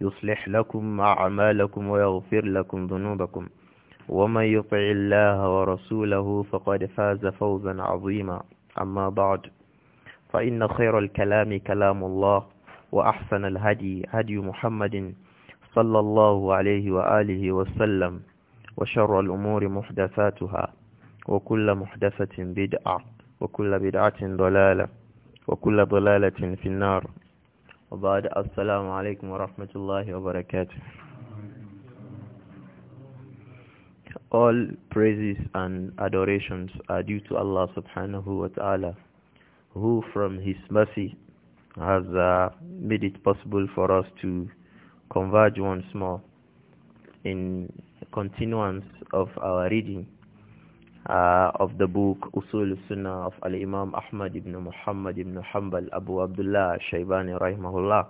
يصلح لكم أعمالكم ويغفر لكم ذنوبكم ومن يطع الله ورسوله فقد فاز فوزا عظيما أما بعد فإن خير الكلام كلام الله وأحسن الهدي هدي محمد صلى الله عليه وآله وسلم وشر الأمور محدثاتها وكل محدثة بدعة وكل بدعة ضلالة وكل ضلالة في النار وبعد السلام عليكم ورحمة الله وبركاته All praises and adorations are due to Allah subhanahu wa ta'ala who from his mercy has uh, made it possible for us to converge once more in continuance of our reading uh, of the book Usul Sunnah of Al-Imam Ahmad ibn Muhammad ibn Hanbal Abu Abdullah Shaybani Rahimahullah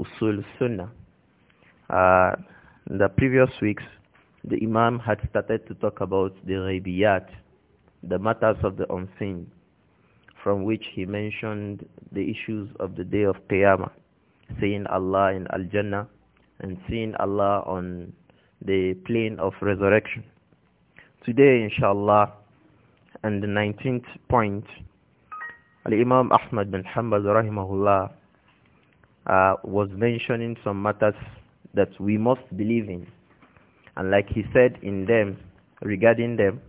Usul Sunnah uh, the previous weeks the Imam had started to talk about the Ghaibiyat the matters of the unseen from which he mentioned the issues of the day of Qiyamah seeing Allah in Al-Jannah and seeing Allah on the plane of resurrection today inshallah and the 19th point al-imam ahmad bin hanbal rahimahullah uh, was mentioning some matters that we must believe in and like he said in them regarding them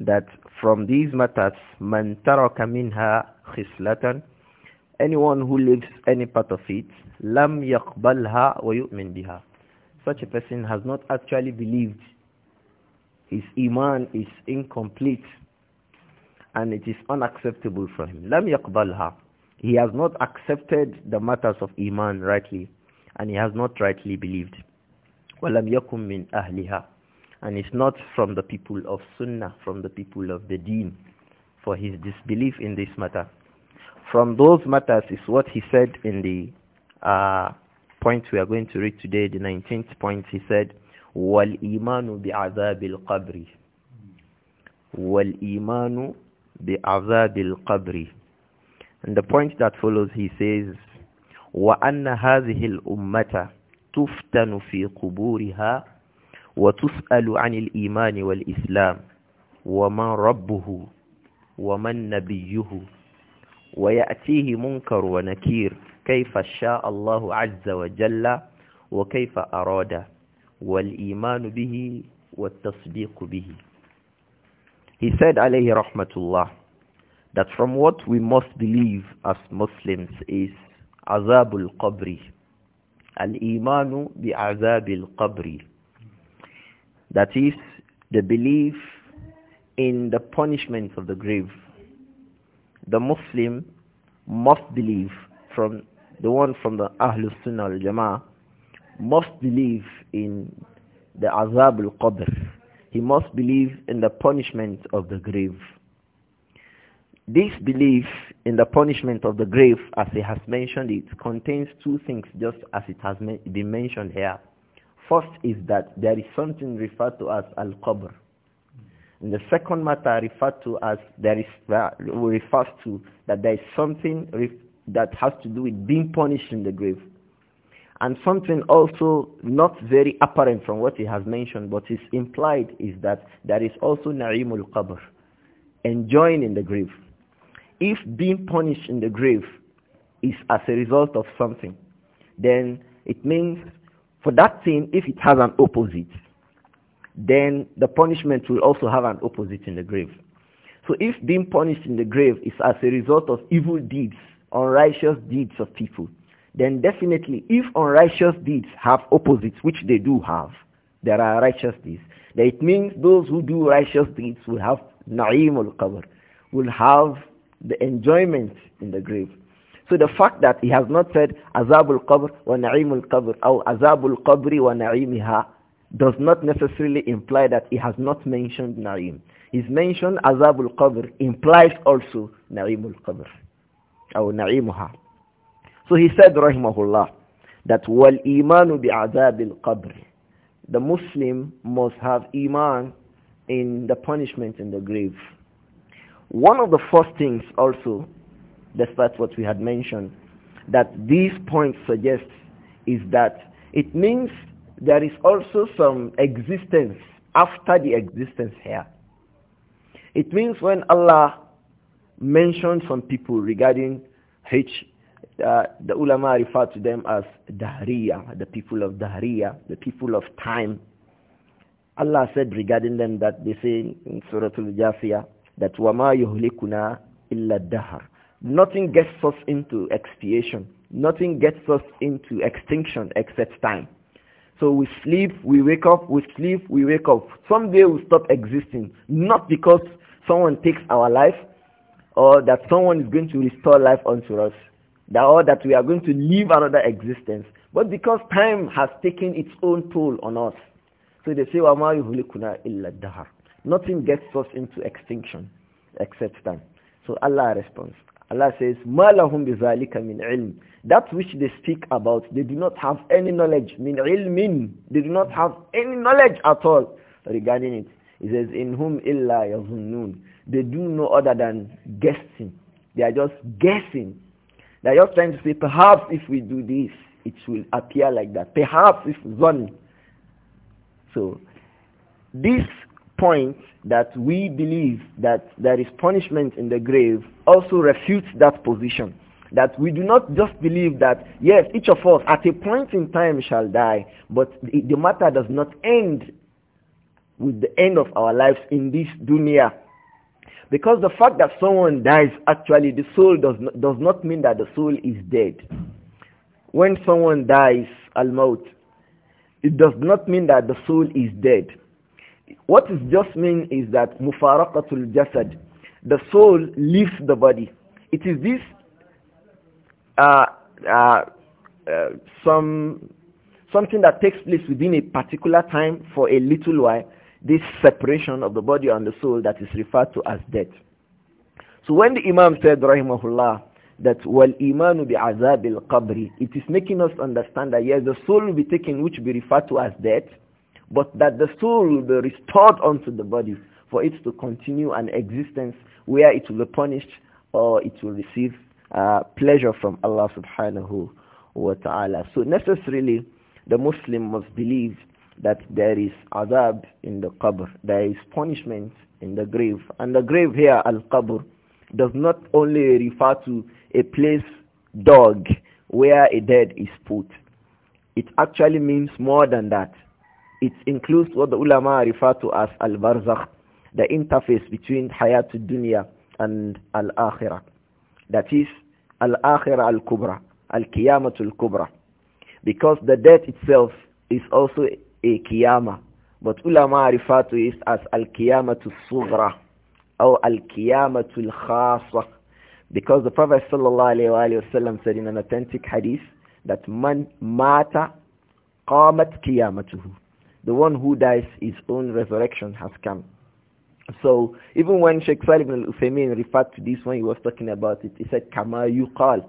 that from these matters man taraka minha khislatan anyone who leaves any part of it lam yaqbalha wa yu'min biha such a person has not actually believed his iman is incomplete and it is unacceptable for him. Lam yaqbalha. He has not accepted the matters of iman rightly and he has not rightly believed. Walam yakum min ahliha. And it's not from the people of sunnah, from the people of the deen, for his disbelief in this matter. From those matters is what he said in the uh, point we are going to read today, the 19th point. He said, والإيمان بعذاب القبر والإيمان بعذاب القبر And the point that follows he says وأن هذه الأمة تفتن في قبورها وتسأل عن الإيمان والإسلام وما ربه ومن نبيه ويأتيه منكر ونكير كيف شاء الله عز وجل وكيف أراده والإيمان به والتصديق به He said alayhi rahmatullah that from what we must believe as Muslims is azabul qabr al iman bi azabil bi-'Azab al-Qabr, that is the belief in the punishment of the grave the muslim must believe from the one from the ahlus sunnah al-jamaa must believe in the azab al-qabr. He must believe in the punishment of the grave. This belief in the punishment of the grave, as he has mentioned it, contains two things just as it has been mentioned here. First is that there is something referred to as al-qabr. And the second matter referred to as there is uh, refers to that there is something that has to do with being punished in the grave. And something also not very apparent from what he has mentioned, but is implied, is that there is also na'imul qabr, enjoying in the grave. If being punished in the grave is as a result of something, then it means for that thing, if it has an opposite, then the punishment will also have an opposite in the grave. So if being punished in the grave is as a result of evil deeds, unrighteous deeds of people, then definitely if unrighteous deeds have opposites, which they do have, there are righteous deeds, then it means those who do righteous deeds will have na'im al-qabr, will have the enjoyment in the grave. So the fact that he has not said azabul qabr wa na'imul qabr or azabul qabri wa na'imiha does not necessarily imply that he has not mentioned na'im. His mention azabul qabr implies also na'imul qabr or na'imuha. So he said, rahimahullah, that bi بِعَذَابِ Qabr, The Muslim must have iman in the punishment in the grave. One of the first things also, despite what we had mentioned, that these points suggest is that it means there is also some existence after the existence here. It means when Allah mentioned some people regarding H uh, the ulama refer to them as Dahriya, the people of Dahriya, the people of time. Allah said regarding them that they say in Surah Al-Jasiyah that وَمَا يُهْلِكُنَا illa الدَّهَرِ Nothing gets us into expiation. Nothing gets us into extinction except time. So we sleep, we wake up, we sleep, we wake up. Someday we stop existing. Not because someone takes our life or that someone is going to restore life unto us that all that we are going to live another existence, but because time has taken its own toll on us. So they say, Nothing gets us into extinction except time. So Allah responds. Allah says, مَا لَهُمْ بِذَلِكَ That which they speak about, they do not have any knowledge. مِنْ عِلْمٍ They do not have any knowledge at all regarding it. He says, in whom illa yazunnun. They do no other than guessing. They are just guessing. They are just trying to say, perhaps if we do this, it will appear like that. Perhaps if one. So this point that we believe that there is punishment in the grave also refutes that position. That we do not just believe that, yes, each of us at a point in time shall die, but the, the matter does not end with the end of our lives in this dunya. Because the fact that someone dies, actually, the soul does not, does not mean that the soul is dead. When someone dies, al-maut, it does not mean that the soul is dead. What it just means is that mufaraqatul jasad, the soul leaves the body. It is this uh, uh, uh, some something that takes place within a particular time for a little while this separation of the body and the soul that is referred to as death. So when the Imam said, Rahimahullah, that wal imanu bi azab al qabri, it is making us understand that yes, the soul will be taken, which will be referred to as death, but that the soul will be restored unto the body for it to continue an existence where it will be punished or it will receive uh, pleasure from Allah subhanahu wa ta'ala. So necessarily, the Muslim must believe that there is azab in the qabr, there is punishment in the grave. And the grave here, al-qabr, does not only refer to a place, dog, where a dead is put. It actually means more than that. It includes what the ulama refer to as al-barzakh, the interface between hayat dunya and al-akhirah. That is, al-akhirah al-kubra, al-qiyamah al-kubra. Because the death itself is also a But ulama refer to as al-qiyamatu sughra or al-qiyamatu al-khasa because the Prophet sallallahu said in an authentic hadith that man mata qamat qiyamatuhu. The one who dies, his own resurrection has come. So even when Sheikh Salim al-Uthaymeen referred to this when he was talking about it, he said kama yuqal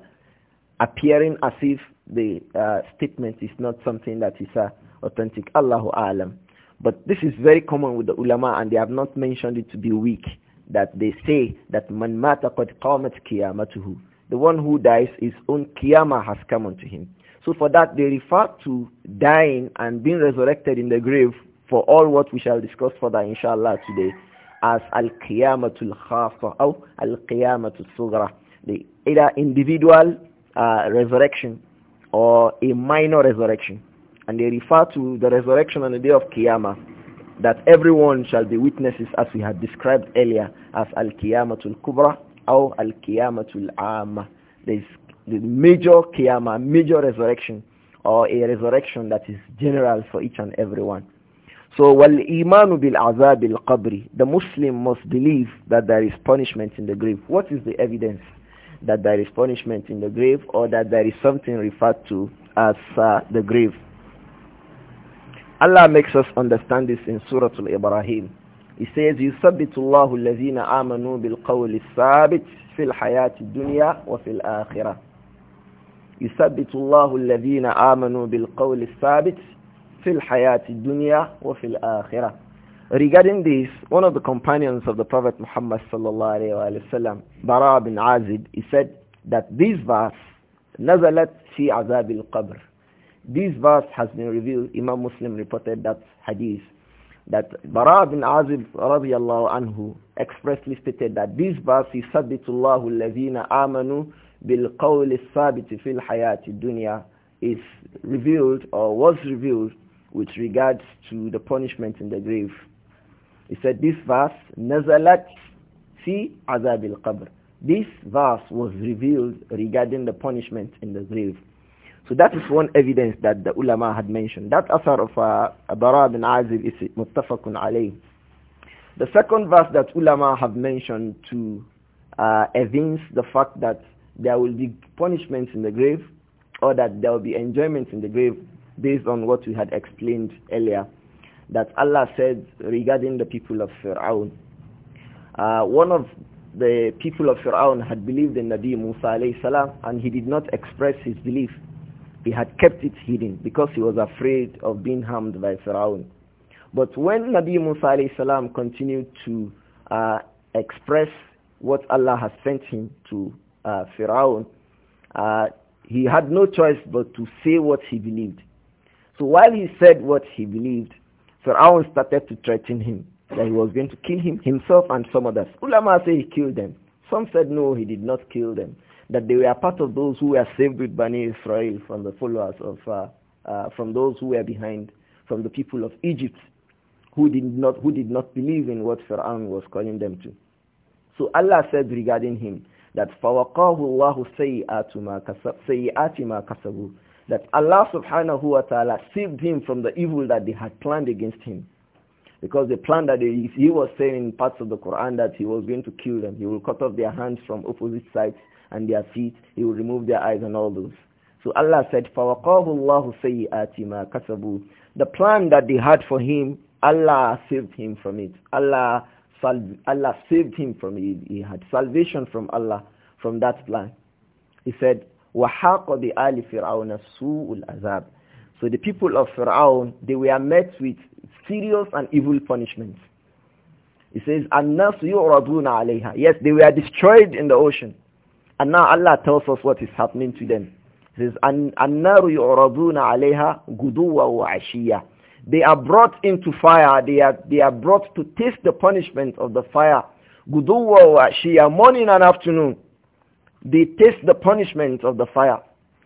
appearing as if the uh, statement is not something that is uh, authentic. Allahu alam. But this is very common with the ulama, and they have not mentioned it to be weak. That they say that man mata qad qamat qiyamatuhu. The one who dies, his own kiyama has come unto him. So for that, they refer to dying and being resurrected in the grave for all what we shall discuss further, inshallah, today, as al-qiyamatul khafa or al-qiyamatul sughra. The either individual uh, resurrection or a minor resurrection. And they refer to the resurrection on the day of Qiyamah that everyone shall be witnesses as we had described earlier as Al-Qiyamatul Kubra or Al-Qiyamatul Amma. There is the major Qiyamah, major resurrection or a resurrection that is general for each and every one. So وَالْإِيمَانُ بِالْعَذَابِ الْقَبْرِ The Muslim must believe that there is punishment in the grave. What is the evidence? that there is punishment in the grave or that there is something referred to as uh, the grave. Allah makes us understand this in Surah Al-Ibrahim. He says, يُثَبِّتُ اللَّهُ الَّذِينَ آمَنُوا بِالْقَوْلِ الثَّابِتِ فِي الْحَيَاةِ الدُّنْيَا وَفِي الْآخِرَةِ يثبت الله الذين آمنوا بالقول الثابت في الحياة الدنيا وفي الآخرة Regarding this, one of the companions of the Prophet Muhammad sallallahu alayhi Bara bin Azib, he said that this verse, نزلت في عذاب القبر. This verse has been revealed, Imam Muslim reported that hadith, that Bara bin Azib radiallahu anhu expressly stated that this verse is ثبت الله الذين آمنوا بالقول الثابت في الحياة الدنيا is revealed or was revealed with regards to the punishment in the grave. He said this verse, Nazalat fi azab al-qabr. This verse was revealed regarding the punishment in the grave. So that is one evidence that the ulama had mentioned. That asar of uh, Bara bin Azib is muttafaqun alayh. The second verse that ulama have mentioned to uh, evince the fact that there will be punishments in the grave or that there will be enjoyment in the grave based on what we had explained earlier that Allah said regarding the people of Fir'aun. Uh, one of the people of Fir'aun had believed in Nabi Musa salam, and he did not express his belief. He had kept it hidden because he was afraid of being harmed by Fir'aun. But when Nabi Musa salam continued to uh, express what Allah has sent him to uh, Fir'aun, uh, he had no choice but to say what he believed. So while he said what he believed, Pharaoh started to threaten him that he was going to kill him himself and some others. Ulama say he killed them. Some said no, he did not kill them. That they were part of those who were saved with Bani Israel from the followers of, uh, uh, from those who were behind, from the people of Egypt, who did not who did not believe in what Pharaoh was calling them to. So Allah said regarding him that فَوَقَاهُ اللَّهُ سَيِّئَاتِ مَا كَسَبُوا that Allah subhanahu wa ta'ala saved him from the evil that they had planned against him. Because the plan that he was saying in parts of the Quran that he was going to kill them. He will cut off their hands from opposite sides and their feet. He will remove their eyes and all those. So Allah said, فَوَقَاهُ اللَّهُ سَيِّئَاتِ مَا كَسَبُوا The plan that they had for him, Allah saved him from it. Allah, Allah saved him from it. He had salvation from Allah from that plan. He said, وَحَاقَ بِآلِ فِرْعَوْنَ سُوءُ الْعَذَابِ So the people of Fir'aun, they were met with serious and evil punishments. It says, "Anas yu'raduna alayha." Yes, they were destroyed in the ocean, and now Allah tells us what is happening to them. It says, "Annaru yu'raduna alayha guduwa wa ashiya." They are brought into fire. They are they are brought to taste the punishment of the fire. Guduwa wa ashiya, morning and afternoon they taste the punishment of the fire.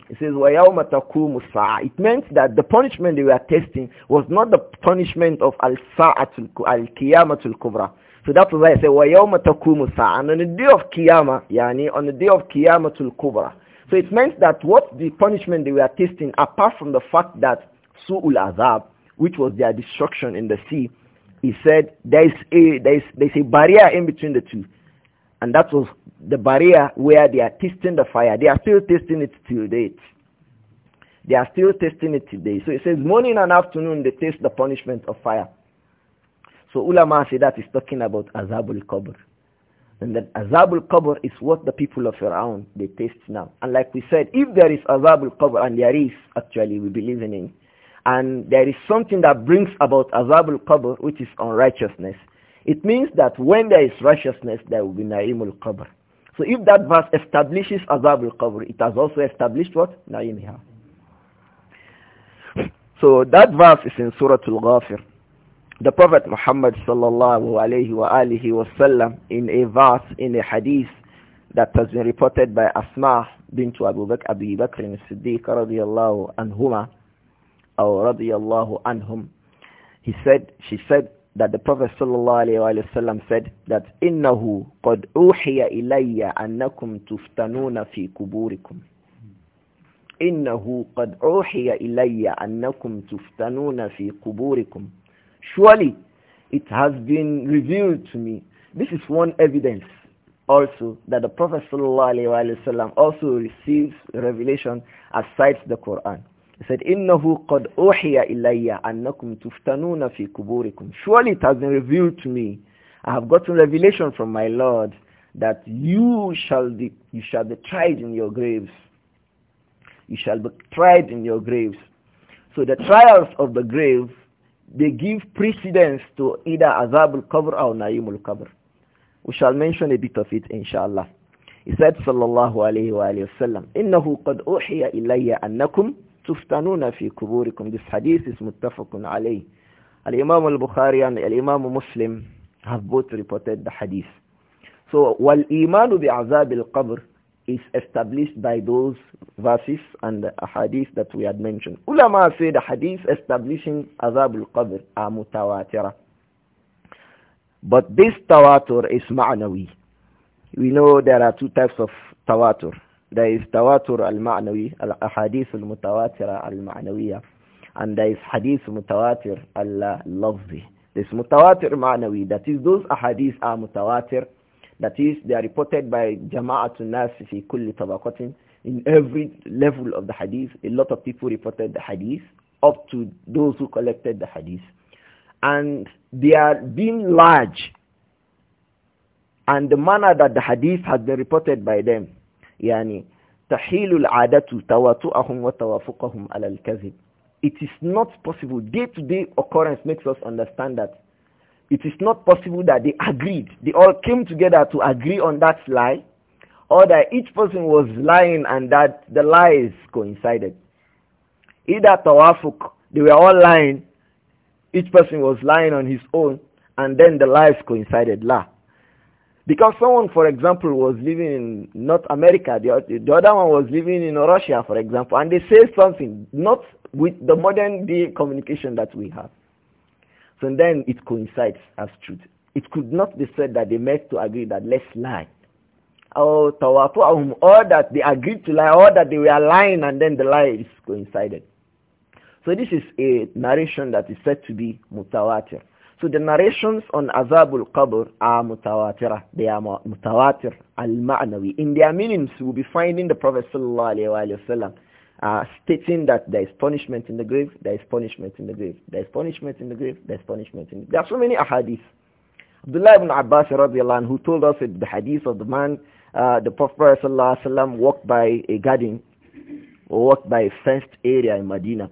It says, وَيَوْمَ السَّاعَةِ It meant that the punishment they were tasting was not the punishment of al-sa'atul al kubra. So that's why I say, وَيَوْمَ تَقُومُ السَّاعَةِ And on the day of qiyamah, yani on the day of qiyamatul kubra. So it meant that what the punishment they were tasting, apart from the fact that su'ul azab, which was their destruction in the sea, he said there is a, there is, there is a barrier in between the two. And that was the barrier where they are tasting the fire. They are still tasting it till date. They are still tasting it today. So it says morning and afternoon they taste the punishment of fire. So ulama say that is talking about azabul kubur, And that azabul kubur is what the people of Iran they taste now. And like we said, if there is azabul kubur, and there is actually, we believe in it, and there is something that brings about azabul kubur, which is unrighteousness, it means that when there is righteousness, there will be Na'imul Qabr. So if that verse establishes Azab al-Qabr, it has also established what? Na'im here. So that verse is in Surah Al-Ghafir. The Prophet Muhammad sallallahu alayhi wa alihi wa in a verse, in a hadith that has been reported by Asma bint Abu Bakr, Abu Bakr al-Siddiq radiyallahu anhuma or radiyallahu anhum. He said, she said, that the Prophet ﷺ said that إِنَّهُ قَدْ أُوحِيَ إِلَيَّ أَنَّكُمْ تُفْتَنُونَ فِي كُبُورِكُمْ إِنَّهُ قَدْ أُوحِيَ إِلَيَّ أَنَّكُمْ تُفْتَنُونَ فِي قُبُورِكُمْ Surely it has been revealed to me. This is one evidence also that the Prophet ﷺ also receives revelation aside the Quran. He said, innahu قَدْ أُوحِيَ ilayya annakum tuftanuna fi kuburikum." Surely it has been revealed to me. I have gotten revelation from my Lord that you shall, be, you shall be tried in your graves. You shall be tried in your graves. So the trials of the grave, they give precedence to either Azab al-Qabr or Naim al-Qabr. We shall mention a bit of it, inshallah. He said, sallallahu alayhi wa sallam, innahu قَدْ أُوحِيَ ilayya annakum. تفتنون في كبوركم this hadith is متفق عليه al-imam al-bukhari and imam muslim have both reported the hadith so والايمان بعذاب القبر qabr is established by those verses and the hadith that we had mentioned ulama say the hadith establishing عذاب القبر qabr are mutawatira but this tawatur is معنوي we know there are two types of tawatur There is tawatur al-ma'nawi, al-ahadith al-mutawatira al-ma'nawiya. And there is hadith mutawatir al-lafzi. This mutawatir ma'nawi, that is those ahadith are mutawatir. That is, they are reported by jama'atun nas fi kulli tabaqatin. In every level of the hadith, a lot of people reported the hadith up to those who collected the hadith. And they are being large and the manner that the hadith has been reported by them it is not possible day to day occurrence makes us understand that it is not possible that they agreed they all came together to agree on that lie or that each person was lying and that the lies coincided either tawafuk they were all lying each person was lying on his own and then the lies coincided la because someone, for example, was living in North America, the, the other one was living in Russia, for example, and they say something, not with the modern day communication that we have. So then it coincides as truth. It could not be said that they met to agree that let's lie. Or that they agreed to lie, or that they were lying and then the lie is coincided. So this is a narration that is said to be mutawatir. So the narrations on Azabul Qabr are mutawatirah. They are mutawatir al-ma'nawi. In their meanings, we'll be finding the Prophet sallallahu alayhi uh, stating that there is punishment in the grave, there is punishment in the grave, there is punishment in the grave, there is punishment in the grave. There are so many ahadith. Abdullah ibn Abbas radiallahu who told us the hadith of the man, uh, the Prophet sallallahu alayhi walked by a garden or walked by a fenced area in Medina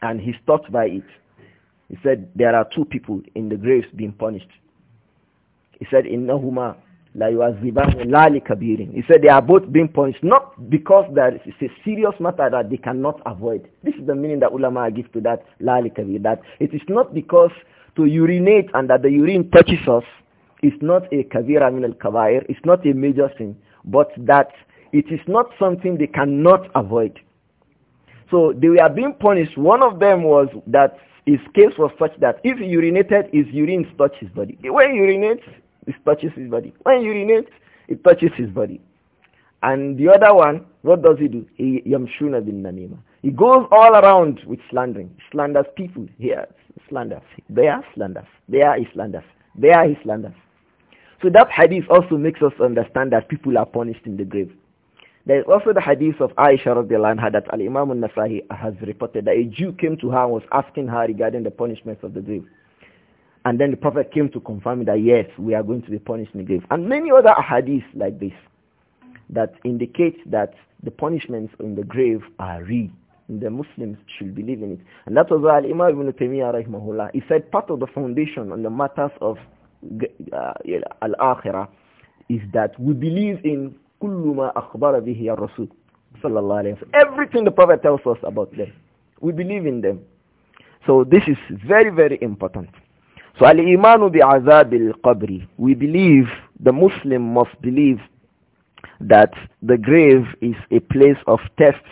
and he stopped by it he said, there are two people in the graves being punished. He said, innahuma la yu'azzibahu la kabirin. He said, they are both being punished, not because that it's a serious matter that they cannot avoid. This is the meaning that ulama give to that la kabir, that it is not because to urinate and that the urine touches us is not a kabira min al-kabair, it's not a major sin, but that it is not something they cannot avoid. So they were being punished. One of them was that his case was such that if he urinated, his urine touched his body. When he urinates, it touches his body. When he urinates, it touches his body. And the other one, what does he do? He yamshuna bin namima. He goes all around with slandering. Slanders people. Here, slanders. There, slanders. There is slanders. There is slanders. So that hadith also makes us understand that people are punished in the grave. There is also the hadith of Aisha radiallahu anha that Al-Imam al-Nasahi has reported that a Jew came to her and was asking her regarding the punishments of the grave. And then the Prophet came to confirm that yes, we are going to be punished in the grave. And many other hadiths like this that indicate that the punishments in the grave are real. The Muslims should believe in it. And that was why Al-Imam ibn Taymiyyah rahimahullah, he said part of the foundation on the matters of uh, Al-Akhirah is that we believe in Everything the Prophet tells us about them. We believe in them. So this is very, very important. So al-imanu azab al qabr We believe, the Muslim must believe that the grave is a place of tests,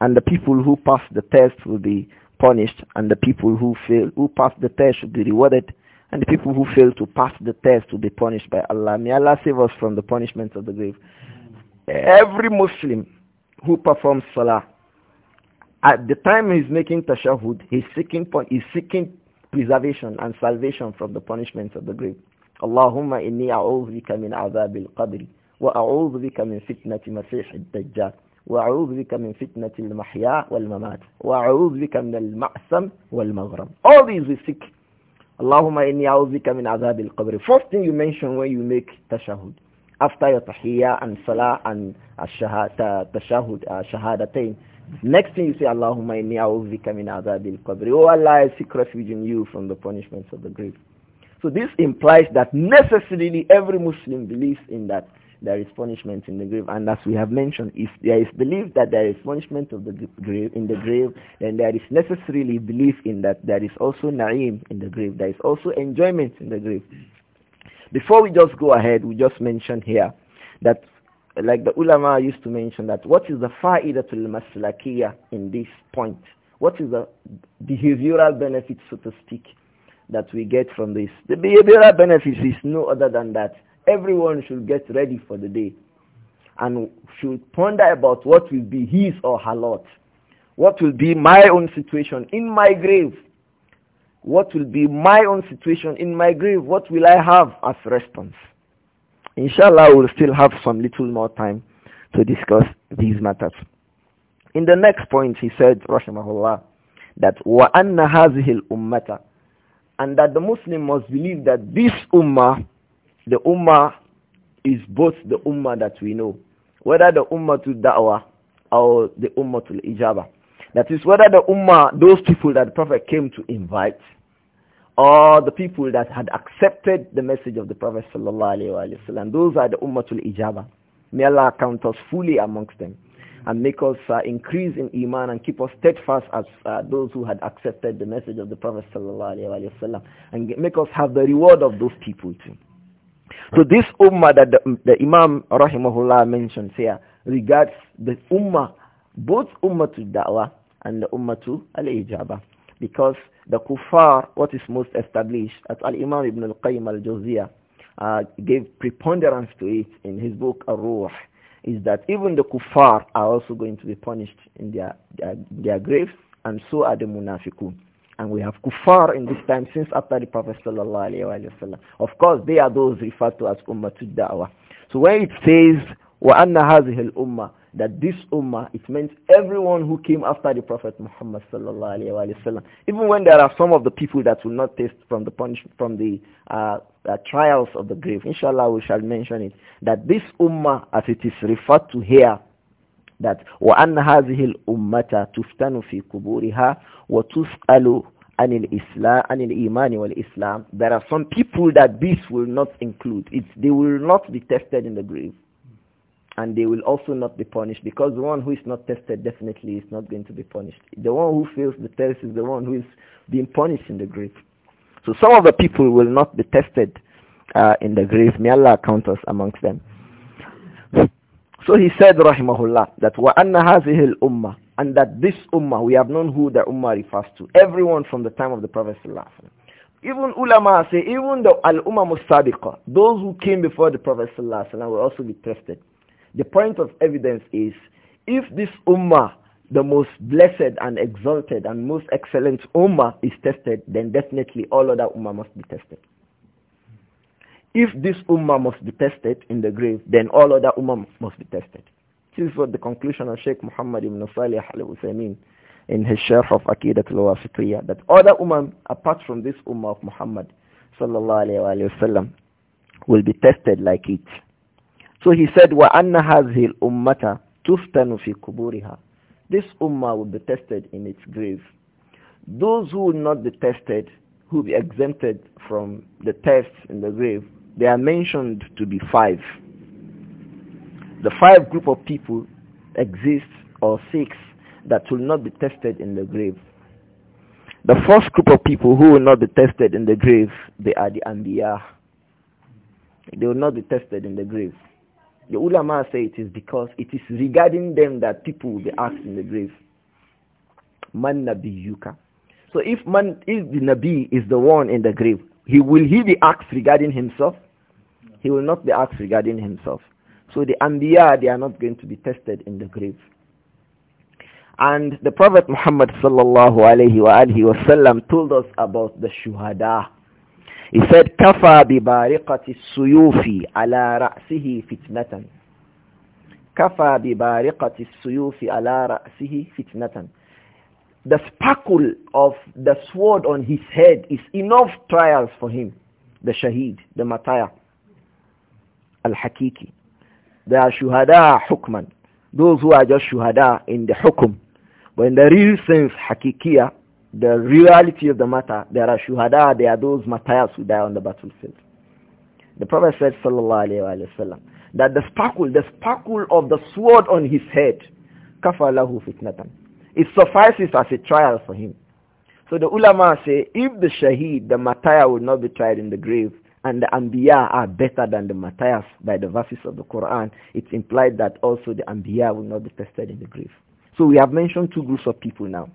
and the people who pass the test will be punished and the people who fail, who pass the test should be rewarded and the people who fail to pass the test will be punished by Allah. May Allah save us from the punishment of the grave. Every Muslim who performs salah, at the time he's making tashahud, he's seeking, he's seeking preservation and salvation from the punishments of the grave. Allahumma inni a'udhu bika min adhabil qabri wa a'udhu bika min fitnati masih ad-dajjal wa a'udhu bika min fitnati al-mahya wal mamat wa a'udhu bika min al-ma'sam wal maghrib. All these we seek. Allahumma inni a'udhu bika min adhabil qabri. First thing you mention when you make tashahud after your tahiyya and salah and tashahud, uh, shahadatain. Next thing you say, Allahumma inni a'udhika min adhabil qabri. Oh Allah, I seek refuge in you from the punishments of the grave. So this implies that necessarily every Muslim believes in that there is punishment in the grave. And as we have mentioned, if there is belief that there is punishment of the grave in the grave, then there is necessarily belief in that there is also na'im in the grave. There is also enjoyment in the grave. Before we just go ahead, we just mention here that like the ulama used to mention that what is the fa'idatul maslakiyah in this point? What is the behavioral benefit, so to speak, that we get from this? The behavioral benefit is no other than that everyone should get ready for the day and should ponder about what will be his or her lot. What will be my own situation in my grave? What will be my own situation in my grave? What will I have as response? Inshallah, we'll still have some little more time to discuss these matters. In the next point, he said, rahimahullah, that وَأَنَّ هَذِهِ الْأُمَّةَ And that the Muslim must believe that this ummah, the ummah is both the ummah that we know, whether the ummah to da'wah or the ummah to ijabah. That is whether the Ummah, those people that the Prophet came to invite, or the people that had accepted the message of the Prophet sallallahu Those are the Ummatul Ijaba. May Allah count us fully amongst them and make us uh, increase in iman and keep us steadfast as uh, those who had accepted the message of the Prophet sallallahu and make us have the reward of those people too. So this ummah that the, the Imam rahimahullah mentions here regards the ummah, both ummah to da'wah and the ummatu al-ijaba. Because the kuffar, what is most established, as Al-Imam Ibn Al-Qayyim Al-Jawziyah uh, gave preponderance to it in his book Ar-Ruh, is that even the kuffar are also going to be punished in their, their, their graves, and so are the munafiqun. And we have kuffar in this time since after the Prophet sallallahu wasallam. Of course, they are those referred to as ummatud da'wah. So when it says, وَأَنَّ هَذِهِ الْأُمَّةِ that this ummah, it meant everyone who came after the Prophet Muhammad sallallahu alaihi wasallam. Even when there are some of the people that will not taste from the punishment from the uh, uh, trials of the grave, inshallah we shall mention it. That this ummah, as it is referred to here, that وأن هذه الأمة تفتن في قبورها وتسأل عن الإسلام عن الإيمان والإسلام. There are some people that this will not include. It's, they will not be tested in the grave and they will also not be punished because the one who is not tested definitely is not going to be punished. The one who fails the test is the one who is being punished in the grave. So some of the people will not be tested uh, in the grave. May Allah count us amongst them. So he said, rahimahullah, that wa anna hazihil ummah, and that this ummah, we have known who the ummah refers to. Everyone from the time of the Prophet sallallahu even ulama say, even the al-ummah musabiqah, those who came before the Prophet sallallahu will also be tested. The point of evidence is if this ummah, the most blessed and exalted and most excellent ummah is tested, then definitely all other ummah must be tested. If this ummah must be tested in the grave, then all other ummah must be tested. This is what the conclusion of Sheikh Muhammad ibn Salih al-Uthaymeen in his Sharh of Aqidat al-Wasitiyya that other ummah apart from this ummah of Muhammad sallallahu alayhi wa will be tested like it. So he said, وَأَنَّ هَذِهِ الْأُمَّةَ tuftanu fi kuburiha. This ummah will be tested in its grave. Those who will not be tested, who will be exempted from the tests in the grave, they are mentioned to be five. The five group of people exist, or six, that will not be tested in the grave. The first group of people who will not be tested in the grave, they are the Anbiya. They will not be tested in the grave. The ulama say it is because it is regarding them that people will be asked in the grave, man yuka. So if man, if the nabi is the one in the grave, he will he be asked regarding himself? He will not be asked regarding himself. So the anbiya, they are not going to be tested in the grave. And the Prophet Muhammad sallallahu alayhi wa told us about the shuhada. He said, كَفَى بِبَارِقَةِ السُّيُوفِ عَلَى fitnatan." Kafa كَفَى بِبَارِقَةِ suyufi ala رَأْسِهِ fitnatan. The sparkle of the sword on his head is enough trials for him, the shaheed, the matayah, al-hakiki. They are shuhada hukman, those who are just shuhada in the hukum. But in the real sense, hakikiya, the reality of the matter, there are shuhada, there are those martyrs who die on the battlefield. The Prophet said, sallallahu alayhi wasallam, that the sparkle, the sparkle of the sword on his head, kafalahu fitnatan. It suffices as a trial for him. So the ulama say, if the shaheed, the martyr will not be tried in the grave, and the anbiya are better than the martyrs by the verses of the Quran, it's implied that also the anbiya will not be tested in the grave. So we have mentioned two groups of people now.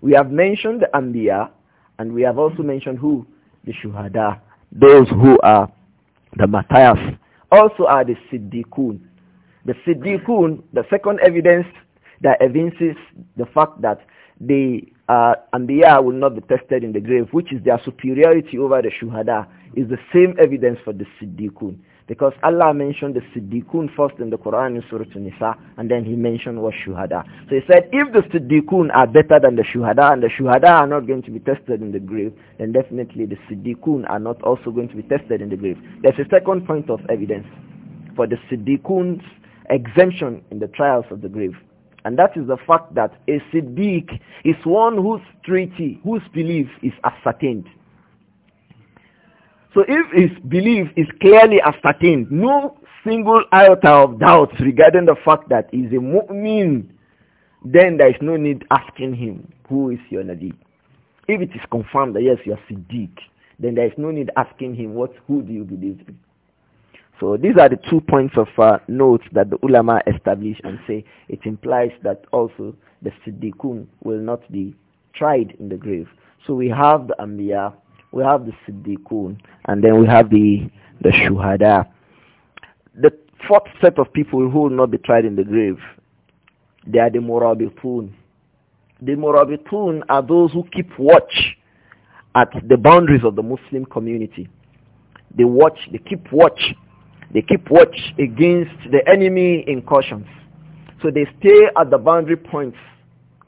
We have mentioned the Anbiya and we have also mentioned who? The Shuhada. Those who are the Matthias. Also are the Siddiqun. The Siddiqun, the second evidence that evinces the fact that the uh, Anbiya will not be tested in the grave, which is their superiority over the Shuhada, is the same evidence for the Siddiqun. Because Allah mentioned the Siddiqun first in the Quran in Surah Nisa and then he mentioned was Shuhada. So he said if the Siddiqun are better than the Shuhada and the Shuhada are not going to be tested in the grave, then definitely the Siddiqun are not also going to be tested in the grave. There's a second point of evidence for the Siddiqun's exemption in the trials of the grave. And that is the fact that a Siddiq is one whose treaty, whose belief is ascertained. So if his belief is clearly ascertained, no single iota of doubts regarding the fact that he is a mu'min, then there is no need asking him, who is your Nabi? If it is confirmed that yes, you are Siddiq, then there is no need asking him, what, who do you believe in? So these are the two points of uh, notes that the ulama establish and say it implies that also the Siddiqun will not be tried in the grave. So we have the Anbiya, we have the Siddiqun, and then we have the, the Shuhada. The fourth set of people who will not be tried in the grave, they are the Murabitun. The Murabitun are those who keep watch at the boundaries of the Muslim community. They watch, they keep watch, they keep watch against the enemy incursions. So they stay at the boundary points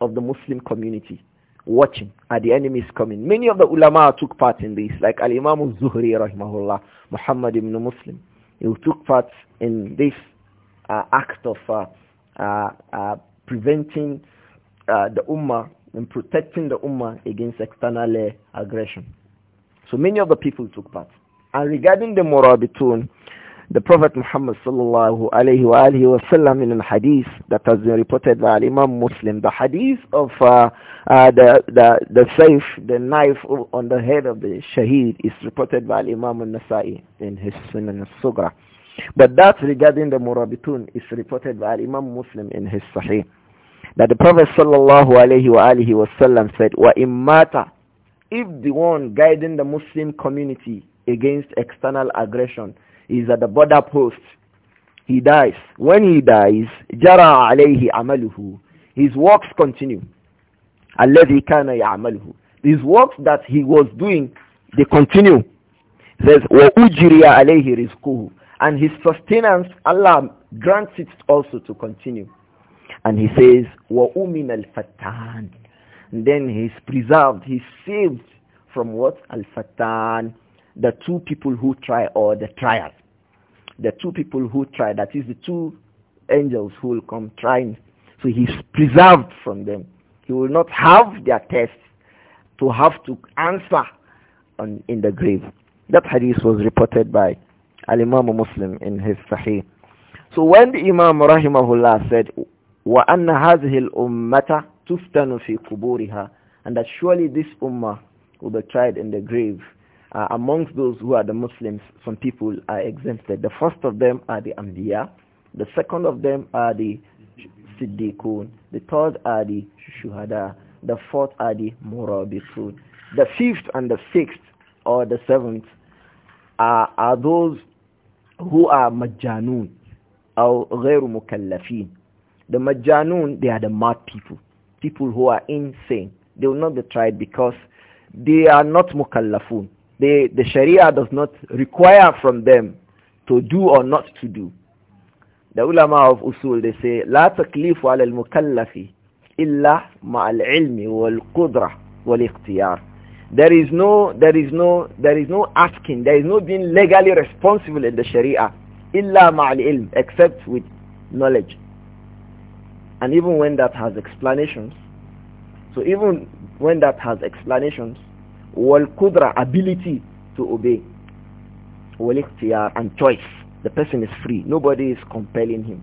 of the Muslim community watching at the enemies coming. Many of the ulama took part in this, like Al-Imam Zuhri rahimahullah, Muhammad ibn Muslim. He took part in this uh, act of uh, uh, uh preventing uh, the ummah and protecting the ummah against external uh, aggression. So many of the people took part. And regarding the Murabitun, the Prophet Muhammad sallallahu alayhi wa alayhi wa sallam in a hadith that has been reported by Imam Muslim, the hadith of uh, uh, the, the, the safe, the knife on the head of the shaheed is reported by Imam al-Nasai in his Sunan al-Sugra. But that regarding the Murabitun is reported by Imam Muslim in his Sahih. That the Prophet sallallahu alayhi wa alayhi wa sallam said, وَإِمَّاتَ If the one guiding the Muslim community against external aggression is at the border post. He dies. When he dies, jara alayhi amaluhu. His works continue. Alladhi kana ya'maluhu. His works that he was doing, they continue. It says, wa ujriya alayhi rizquhu. And his sustenance, Allah grants it also to continue. And he says, wa umin al-fattan. Then he's preserved, he's saved from what? Al-fattan. The two people who try or the trials the two people who try, that is the two angels who will come trying. So he's preserved from them. He will not have their test to have to answer on, in the grave. That hadith was reported by Al-Imam Muslim in his Sahih. So when the Imam Rahimahullah said, وَأَنَّ هَذِهِ الْأُمَّةَ تُفْتَنُ فِي قُبُورِهَا And that surely this ummah will be tried in the grave. Uh, amongst those who are the Muslims, some people are exempted. The first of them are the Ambiya. The second of them are the Siddiqun. The third are the Shuhada. The fourth are the Murabitun. The fifth and the sixth or the seventh are, are those who are Majjanun or غير مكلفين. The Majjanun, they are the mad people. People who are insane. They will not be tried because they are not mukallafun they, the Sharia does not require from them to do or not to do. The ulama of usul, they say, لا تكليف على المكلف إلا مع العلم والقدرة والاختيار. There is no, there is no, there is no asking, there is no being legally responsible in the Sharia إلا مع العلم, except with knowledge. And even when that has explanations, so even when that has explanations, wal ability to obey wal and choice the person is free nobody is compelling him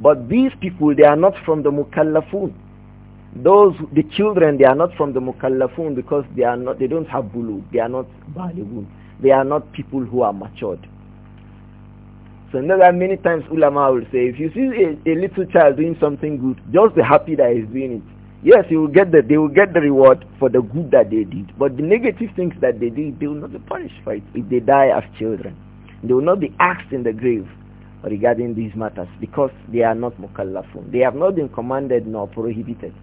but these people they are not from the mukallafun those the children they are not from the mukallafun because they are not they don't have bulu they are not balighun they are not people who are matured so that many times ulama will say if you see a, a little child doing something good just be happy that he's doing it Yes, you will get the, they will get the reward for the good that they did. But the negative things that they did, they will not be punished for it if they die as children. They will not be asked in the grave regarding these matters because they are not mukallafun. They have not been commanded nor prohibited.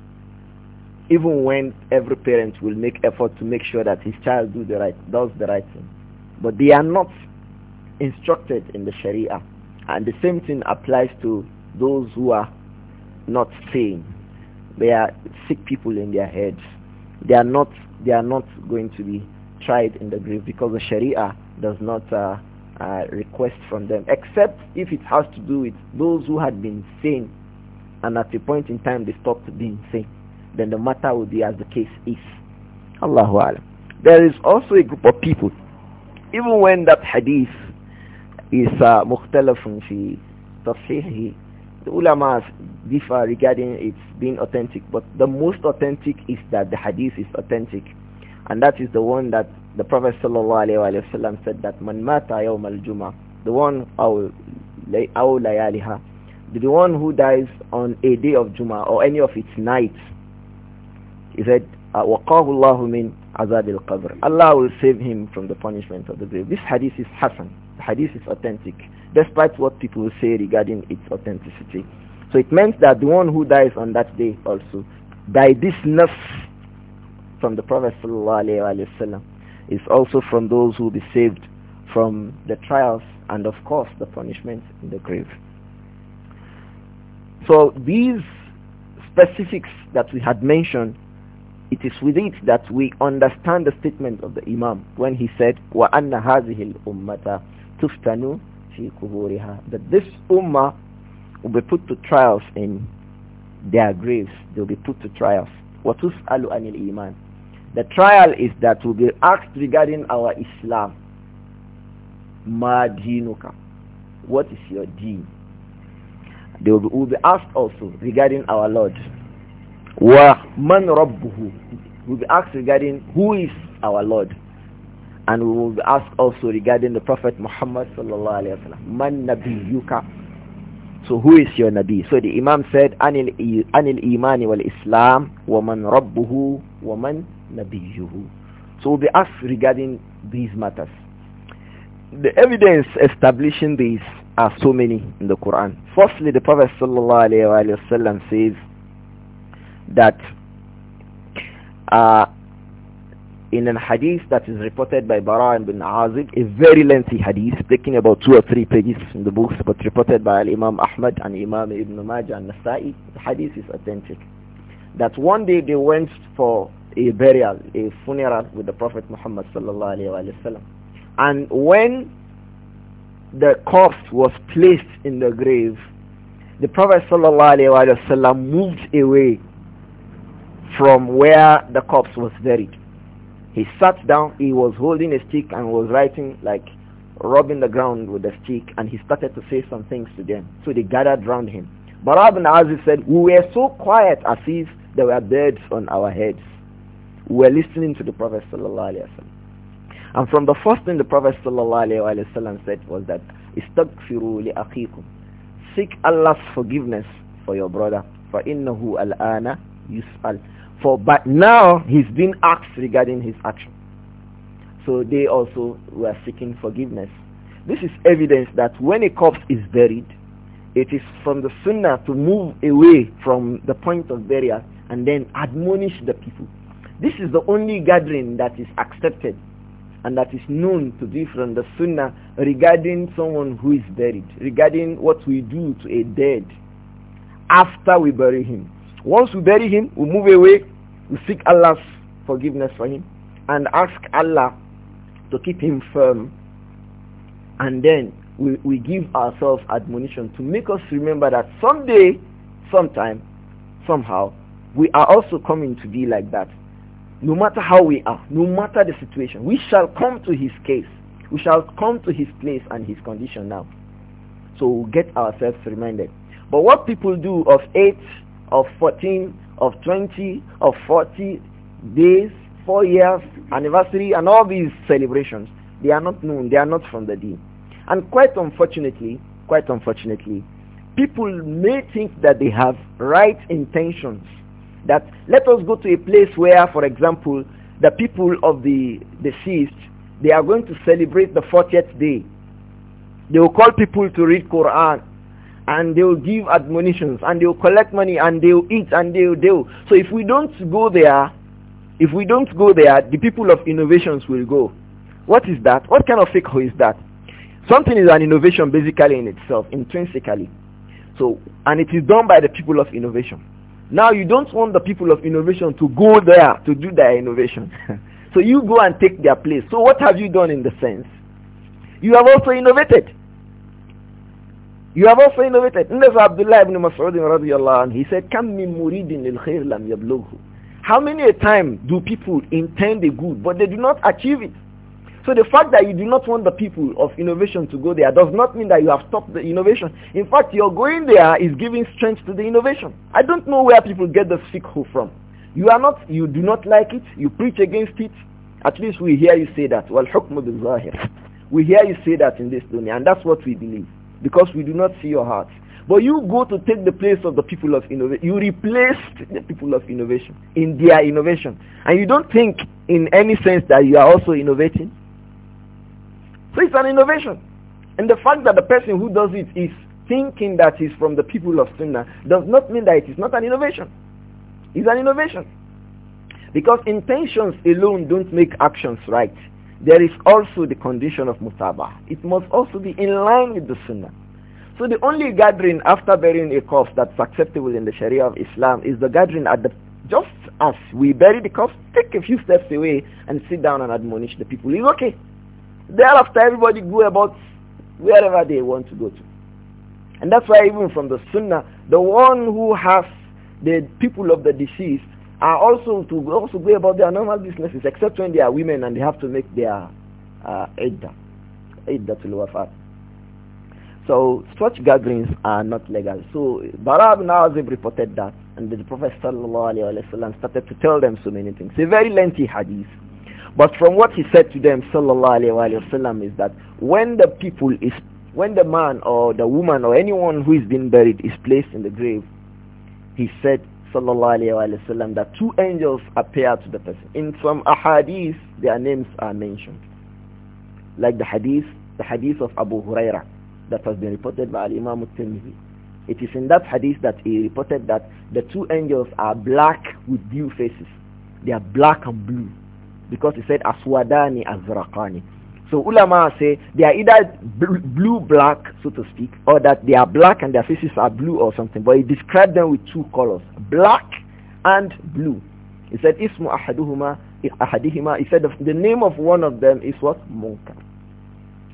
Even when every parent will make effort to make sure that his child do the right, does the right thing. But they are not instructed in the Sharia. And the same thing applies to those who are not sane they are sick people in their heads. They are not, they are not going to be tried in the grave because the Sharia does not uh, uh, request from them, except if it has to do with those who had been sane and at a point in time they stopped being sane. Then the matter will be as the case is. Allahu Alam. There is also a group of people, even when that hadith is uh, مختلف في تصحيحه the ulama differ regarding its being authentic, but the most authentic is that the hadith is authentic. And that is the one that the Prophet wasallam said that man mata yawm al the one aw layaliha, the one who dies on a day of Juma or any of its nights. He said, وَقَاهُ اللَّهُ مِنْ عَذَابِ Allah will save him from the punishment of the grave. This hadith is Hasan hadith is authentic, despite what people say regarding its authenticity. So it meant that the one who dies on that day also, by this nafs from the Prophet ﷺ, is also from those who will be saved from the trials and of course the punishment in the grave. So these specifics that we had mentioned, it is with it that we understand the statement of the Imam when he said, وَأَنَّ هَذِهِ الْأُمَّةَ tuftanu fi kuburiha. That this ummah will be put to trials in their graves. They will be put to trials. وَتُسْأَلُ anil iman. The trial is that we'll be asked regarding our Islam. Madinuka. What is your deen? They will be, will be asked also regarding our Lord. Wa man rabbuhu. We'll be asked regarding who is our Lord. And we will ask also regarding the Prophet Muhammad sallallahu alayhi wa sallam, man nabiyuka? So who is your Nabi? So the Imam said, anil, anil imani wal islam, wa man rabbuhu, wa man nabiyuhu. So we'll be asked regarding these matters. The evidence establishing these are so many in the Quran. Firstly, the Prophet sallallahu alayhi wa sallam says that uh, in a hadith that is reported by Bara ibn Azib, a very lengthy hadith, taking about two or three pages in the books, but reported by Imam Ahmad and Imam Ibn Majah and Nasa'i, the hadith is authentic. That one day they went for a burial, a funeral with the Prophet Muhammad sallallahu alaihi wasallam, and when the corpse was placed in the grave, the Prophet sallallahu alaihi wasallam moved away from where the corpse was buried he sat down, he was holding a stick and was writing like rubbing the ground with the stick and he started to say some things to them. So they gathered round him. Bara ibn Aziz said, we were so quiet as if there were birds on our heads. We were listening to the Prophet sallallahu alaihi wasallam. And from the first thing the Prophet wasallam said was that, li li'akhikum. Seek Allah's forgiveness for your brother. فَإِنَّهُ الْآنَ يُسْأَلُ for but now he's been asked regarding his action. So they also were seeking forgiveness. This is evidence that when a corpse is buried, it is from the sunnah to move away from the point of burial and then admonish the people. This is the only gathering that is accepted and that is known to be from the sunnah regarding someone who is buried, regarding what we do to a dead after we bury him. Once we bury him, we move away, we seek Allah's forgiveness for him and ask Allah to keep him firm. And then we, we give ourselves admonition to make us remember that someday, sometime, somehow, we are also coming to be like that. No matter how we are, no matter the situation, we shall come to his case. We shall come to his place and his condition now. So we will get ourselves reminded. But what people do of eight of 14, of 20, of 40 days, 4 years, anniversary, and all these celebrations. They are not known. They are not from the deen. And quite unfortunately, quite unfortunately, people may think that they have right intentions. That let us go to a place where, for example, the people of the deceased, they are going to celebrate the 40th day. They will call people to read Quran and they'll give admonitions and they'll collect money and they'll eat and they'll do. So if we don't go there, if we don't go there, the people of innovations will go. What is that? What kind of fiqh is that? Something is an innovation basically in itself, intrinsically. So, and it is done by the people of innovation. Now you don't want the people of innovation to go there to do their innovation. so you go and take their place. So what have you done in the sense? You have also innovated. You have also innovated. Unless Abdullah ibn Mas'ud radiallahu anh, he said, Kam min muridin lil khair lam yablughu. How many a time do people intend the good, but they do not achieve it? So the fact that you do not want the people of innovation to go there does not mean that you have stopped the innovation. In fact, your going there is giving strength to the innovation. I don't know where people get the fiqh from. You are not, you do not like it, you preach against it. At least we hear you say that. Well, We hear you say that in this dunya, and that's what we believe because we do not see your heart. But you go to take the place of the people of innovation. You replaced the people of innovation in their innovation. And you don't think in any sense that you are also innovating. So it's an innovation. And the fact that the person who does it is thinking that it's from the people of Sunnah does not mean that it is not an innovation. It's an innovation. Because intentions alone don't make actions right there is also the condition of mutabah. It must also be in line with the sunnah. So the only gathering after burying a corpse that's acceptable in the Sharia of Islam is the gathering at the just as we bury the corpse, take a few steps away and sit down and admonish the people. It's okay. Thereafter, everybody go about wherever they want to go to. And that's why even from the Sunnah, the one who has the people of the deceased are also to also go about their normal businesses, except when they are women and they have to make their uh, idda, idda to So such gatherings are not legal. So Bara ibn Azib reported that, and the Prophet sallallahu started to tell them so many things. A very lengthy hadith. But from what he said to them, sallallahu alaihi wasallam, is that when the people is, when the man or the woman or anyone who is being buried is placed in the grave, he said, sallallahu alayhi wasallam that two angels appear to the person. In some ahadith, their names are mentioned. Like the hadith, the hadith of Abu Huraira that has been reported by Imam al-Tirmidhi. It is in that hadith that he reported that the two angels are black with blue faces. They are black and blue. Because he said, Aswadani Azraqani. So ulama say they are either bl blue black, so to speak, or that they are black and their faces are blue or something. But he described them with two colors, black and blue. He said ismu ahaduhuma ahadihima. He said the, name of one of them is what munkar,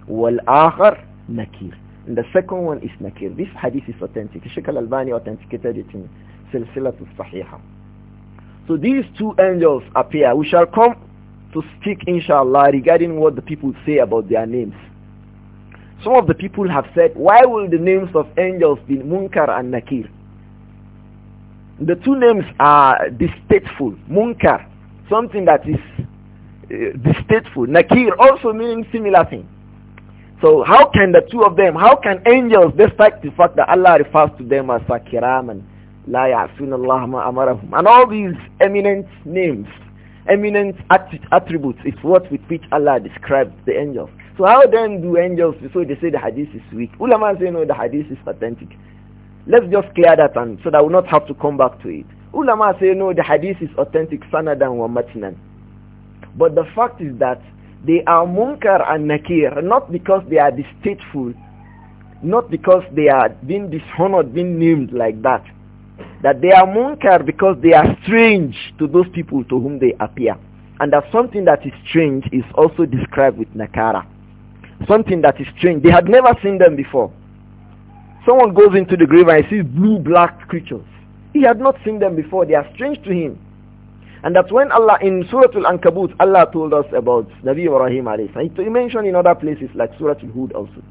wal akhar nakir. And the second one is nakir. This hadith is authentic. Sheikh Al Albani authenticated it in Silsilatul Sahiha. So these two angels appear. We shall come to speak, inshallah, regarding what the people say about their names. Some of the people have said, why will the names of angels be Munkar and Nakir? The two names are distasteful. Munkar, something that is uh, distasteful. Nakir also meaning similar thing. So how can the two of them, how can angels, despite the fact that Allah refers to them as and La Ya'sun Allah Amarahum, and all these eminent names, eminent attributes is what with which Allah describes the angels. So how then do angels, so they say the hadith is weak. Ulama say no, the hadith is authentic. Let's just clear that and so that we will not have to come back to it. Ulama say no, the hadith is authentic, sanadan wa matinan. But the fact is that they are munkar and nakir, not because they are distasteful, not because they are being dishonored, being named like that that they are munkar because they are strange to those people to whom they appear. And that something that is strange is also described with nakara. Something that is strange. They had never seen them before. Someone goes into the grave and he sees blue black creatures. He had not seen them before. They are strange to him. And that's when Allah in Surah Al-Ankabut, Allah told us about Nabi Ibrahim alayhi salam, He mentioned in other places like Surah Al-Hud also.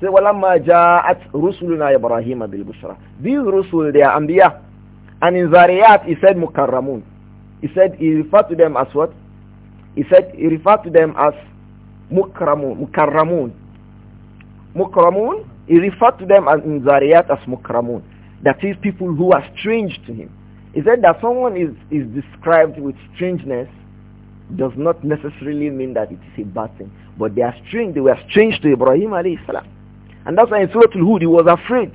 Say, at جَاءَتْ رُسُلُنَا إِبْرَاهِيمَ بِالْبُشْرَى These rusul, they are anbiya. And in Zariyat, he said mukarramun. He said, he referred to them as what? He said, he referred to them as mukramun, mukarramun. Mukramun, he referred to them as, in Zariyat as mukramun. That is, people who are strange to him. He said that someone is, is described with strangeness does not necessarily mean that it is a bad thing. But they are strange, they were strange to Ibrahim alayhi salam. And that's why in Surah Al-Hud, he was afraid.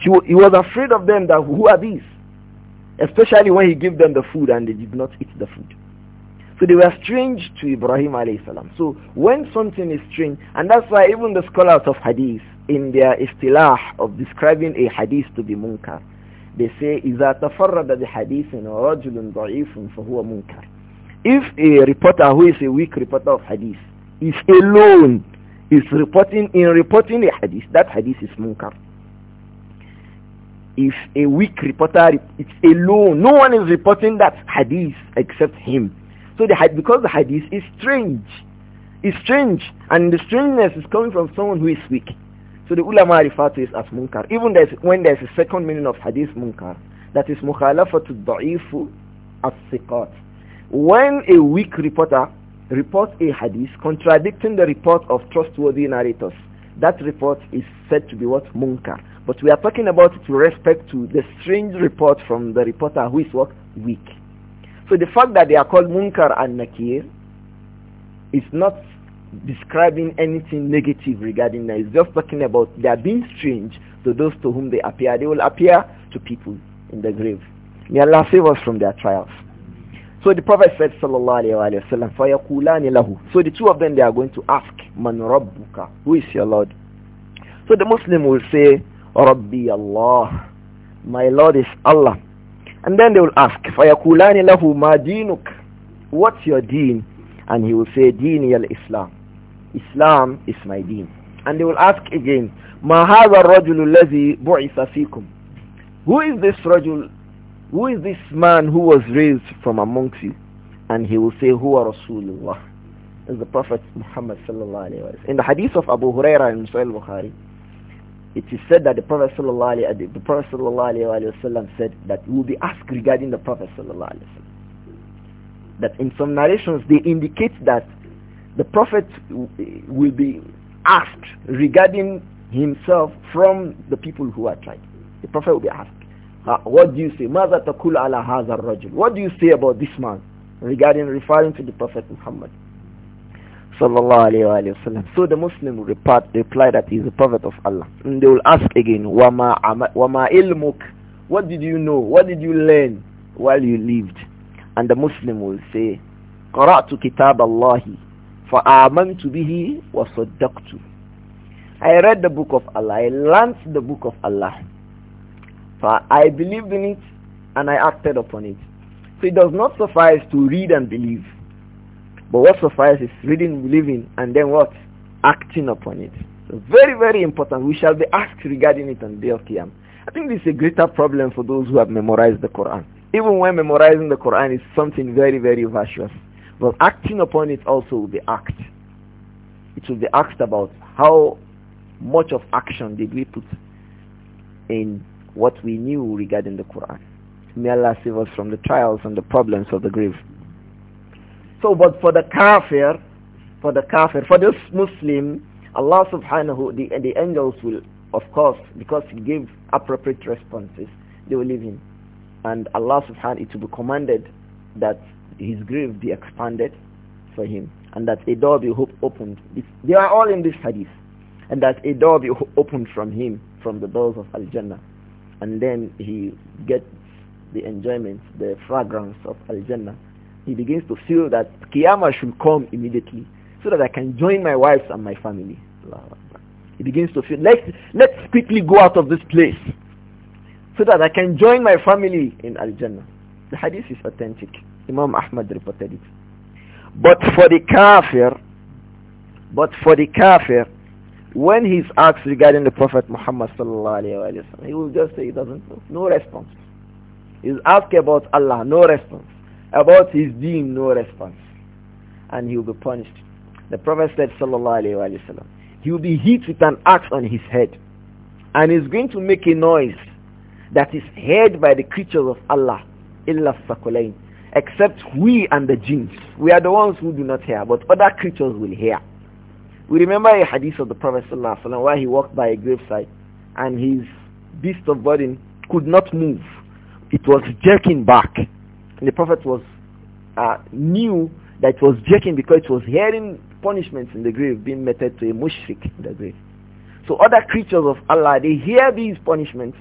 He was afraid of them that who are these? Especially when he gave them the food and they did not eat the food. So they were strange to Ibrahim alayhi salam. So when something is strange, and that's why even the scholars of hadith, in their istilah of describing a hadith to be munkar, they say, إِذَا تَفَرَّدَ بِحَدِيثٍ وَرَجُلٌ ضَعِيفٌ فَهُوَ munkar. If a reporter who is a weak reporter of hadith is alone is reporting in reporting a hadith, that hadith is munkar. If a weak reporter, it's alone. No one is reporting that hadith except him. So the because the hadith is strange, is strange, and the strangeness is coming from someone who is weak. So the ulama refer to it as munkar. Even there's, when there's a second meaning of hadith munkar, that is mukhalafatu da'ifu as-siqat. When a weak reporter reports a hadith contradicting the report of trustworthy narrators, that report is said to be what? Munkar. But we are talking about it with respect to the strange report from the reporter who is what? Weak. So the fact that they are called Munkar and Nakir is not describing anything negative regarding them. It's just talking about they are being strange to those to whom they appear. They will appear to people in the grave. May Allah save us from their trials. So the Prophet said, sallallahu alayhi So the two of them, they are going to ask, "Man رَبُّكَ Who is your Lord? So the Muslim will say, "Rabbi Allah. My Lord is Allah. And then they will ask, "Fayakulani لَهُ مَا دِينُكَ What's your deen? And he will say, Deen الْإِسْلَامِ Islam Islam is my deen. And they will ask again, "Ma هَذَا الرَّجُلُ الَّذِي بُعِثَ فِيكُمْ Who is this rajul who is this man who was raised from amongst you? And he will say, Huwa Rasulullah. Is the Prophet Muhammad sallallahu alayhi wa sallam. In the hadith of Abu Huraira and Sahih Bukhari, it is said that the Prophet sallallahu alayhi, the Prophet sallallahu alayhi wa sallam said that you will be asked regarding the Prophet sallallahu alayhi wa sallam. That in some narrations they indicate that the Prophet will be asked regarding himself from the people who are tried. The Prophet will be asked. Uh, what do you say? ماذا تقول على هذا الرجل? What do you say about this man regarding referring to the Prophet Muhammad? Sallallahu alayhi wa sallam. So the Muslim will reply that he is the Prophet of Allah. And they will ask again, وَمَا, وما ilmuk? What did you know? What did you learn while you lived? And the Muslim will say, قَرَأْتُ كِتَابَ اللَّهِ فَآمَنْتُ بِهِ وَصَدَّقْتُ I read the book of Allah. I learned the book of Allah. I believed in it and I acted upon it. So it does not suffice to read and believe. But what suffices is reading, believing, and then what? Acting upon it. So very, very important. We shall be asked regarding it on the day of Qiyam. I think this is a greater problem for those who have memorized the Quran. Even when memorizing the Quran is something very, very virtuous. But acting upon it also will be act. It will be asked about how much of action did we put in what we knew regarding the Quran. May Allah save us from the trials and the problems of the grave. So, but for the kafir, for the kafir, for this Muslim, Allah subhanahu, the, the angels will, of course, because he gave appropriate responses, they will leave him. And Allah subhanahu, it will be commanded that his grave be expanded for him and that a door be opened. They are all in this hadith. And that a door be opened from him, from the doors of Al-Jannah and then he gets the enjoyment, the fragrance of Al-Jannah, he begins to feel that Qiyamah should come immediately so that I can join my wives and my family. He begins to feel, let's, let's quickly go out of this place so that I can join my family in Al-Jannah. The hadith is authentic. Imam Ahmad reported it. But for the kafir, but for the kafir, when he's asked regarding the Prophet Muhammad sallallahu alayhi wa sallam, he will just say he doesn't know. No response. He's asked about Allah, no response. About his deen, no response. And he will be punished. The Prophet said sallallahu alayhi wa sallam, he will be hit with an axe on his head. And he's going to make a noise that is heard by the creatures of Allah, illa sakulain, except we and the jinns. We are the ones who do not hear, but other creatures will hear. We remember a hadith of the Prophet ﷺ where he walked by a gravesite and his beast of burden could not move. It was jerking back. And the Prophet was uh, knew that it was jerking because it was hearing punishments in the grave being meted to a mushrik in the grave. So other creatures of Allah, they hear these punishments,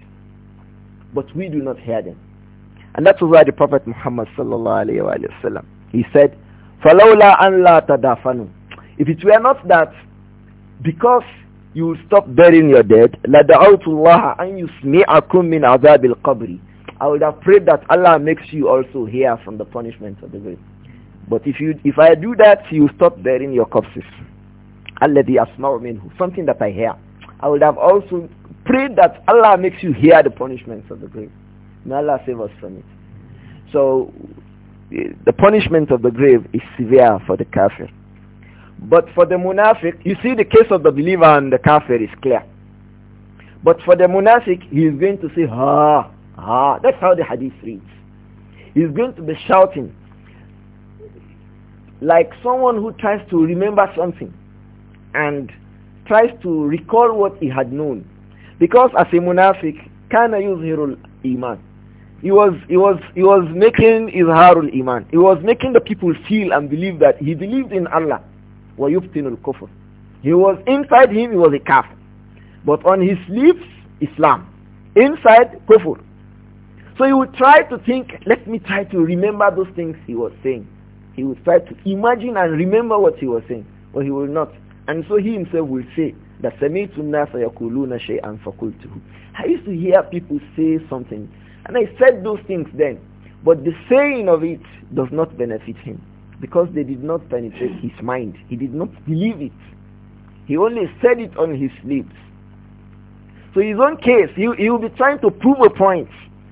but we do not hear them. And that's why the Prophet Muhammad sallallahu alayhi wa sallam, he said, فَلَوْلَا أَنْ لَا تَدَافَنُوا if it were not that, because you will stop burying your dead, لَدَعَوْتُ أَنْ يُسْمِعَكُمْ مِنْ عَذَابِ الْقَبْرِ I would have prayed that Allah makes you also hear from the punishment of the grave. But if you, if I do that, you stop burying your corpses. الَّذِي أَسْمَعُ مِنْهُ Something that I hear. I would have also prayed that Allah makes you hear the punishments of the grave. May Allah save us from it. So, eh, the punishment of the grave is severe for the kafir. But for the munafiq, you see the case of the believer and the kafir is clear. But for the munafiq, he is going to say, ha, ha. That's how the hadith reads. He's going to be shouting like someone who tries to remember something and tries to recall what he had known. Because as a munafiq, kana yuzhirul iman. He was, he was, he was making izharul iman. He was making the people feel and believe that he believed in Allah وَيُبْتِنُ الْكُفْرِ He was inside him, he was a kafir. But on his lips, Islam. Inside, kufr. So he would try to think, let me try to remember those things he was saying. He would try to imagine and remember what he was saying, but he will not. And so he himself will say, that سَمِيتُ النَّاسَ يَقُولُونَ شَيْئًا فَقُلْتُهُ I used to hear people say something, and I said those things then, but the saying of it does not benefit him because they did not penetrate his mind. He did not believe it. He only said it on his lips. So his own case, he, he will be trying to prove a point.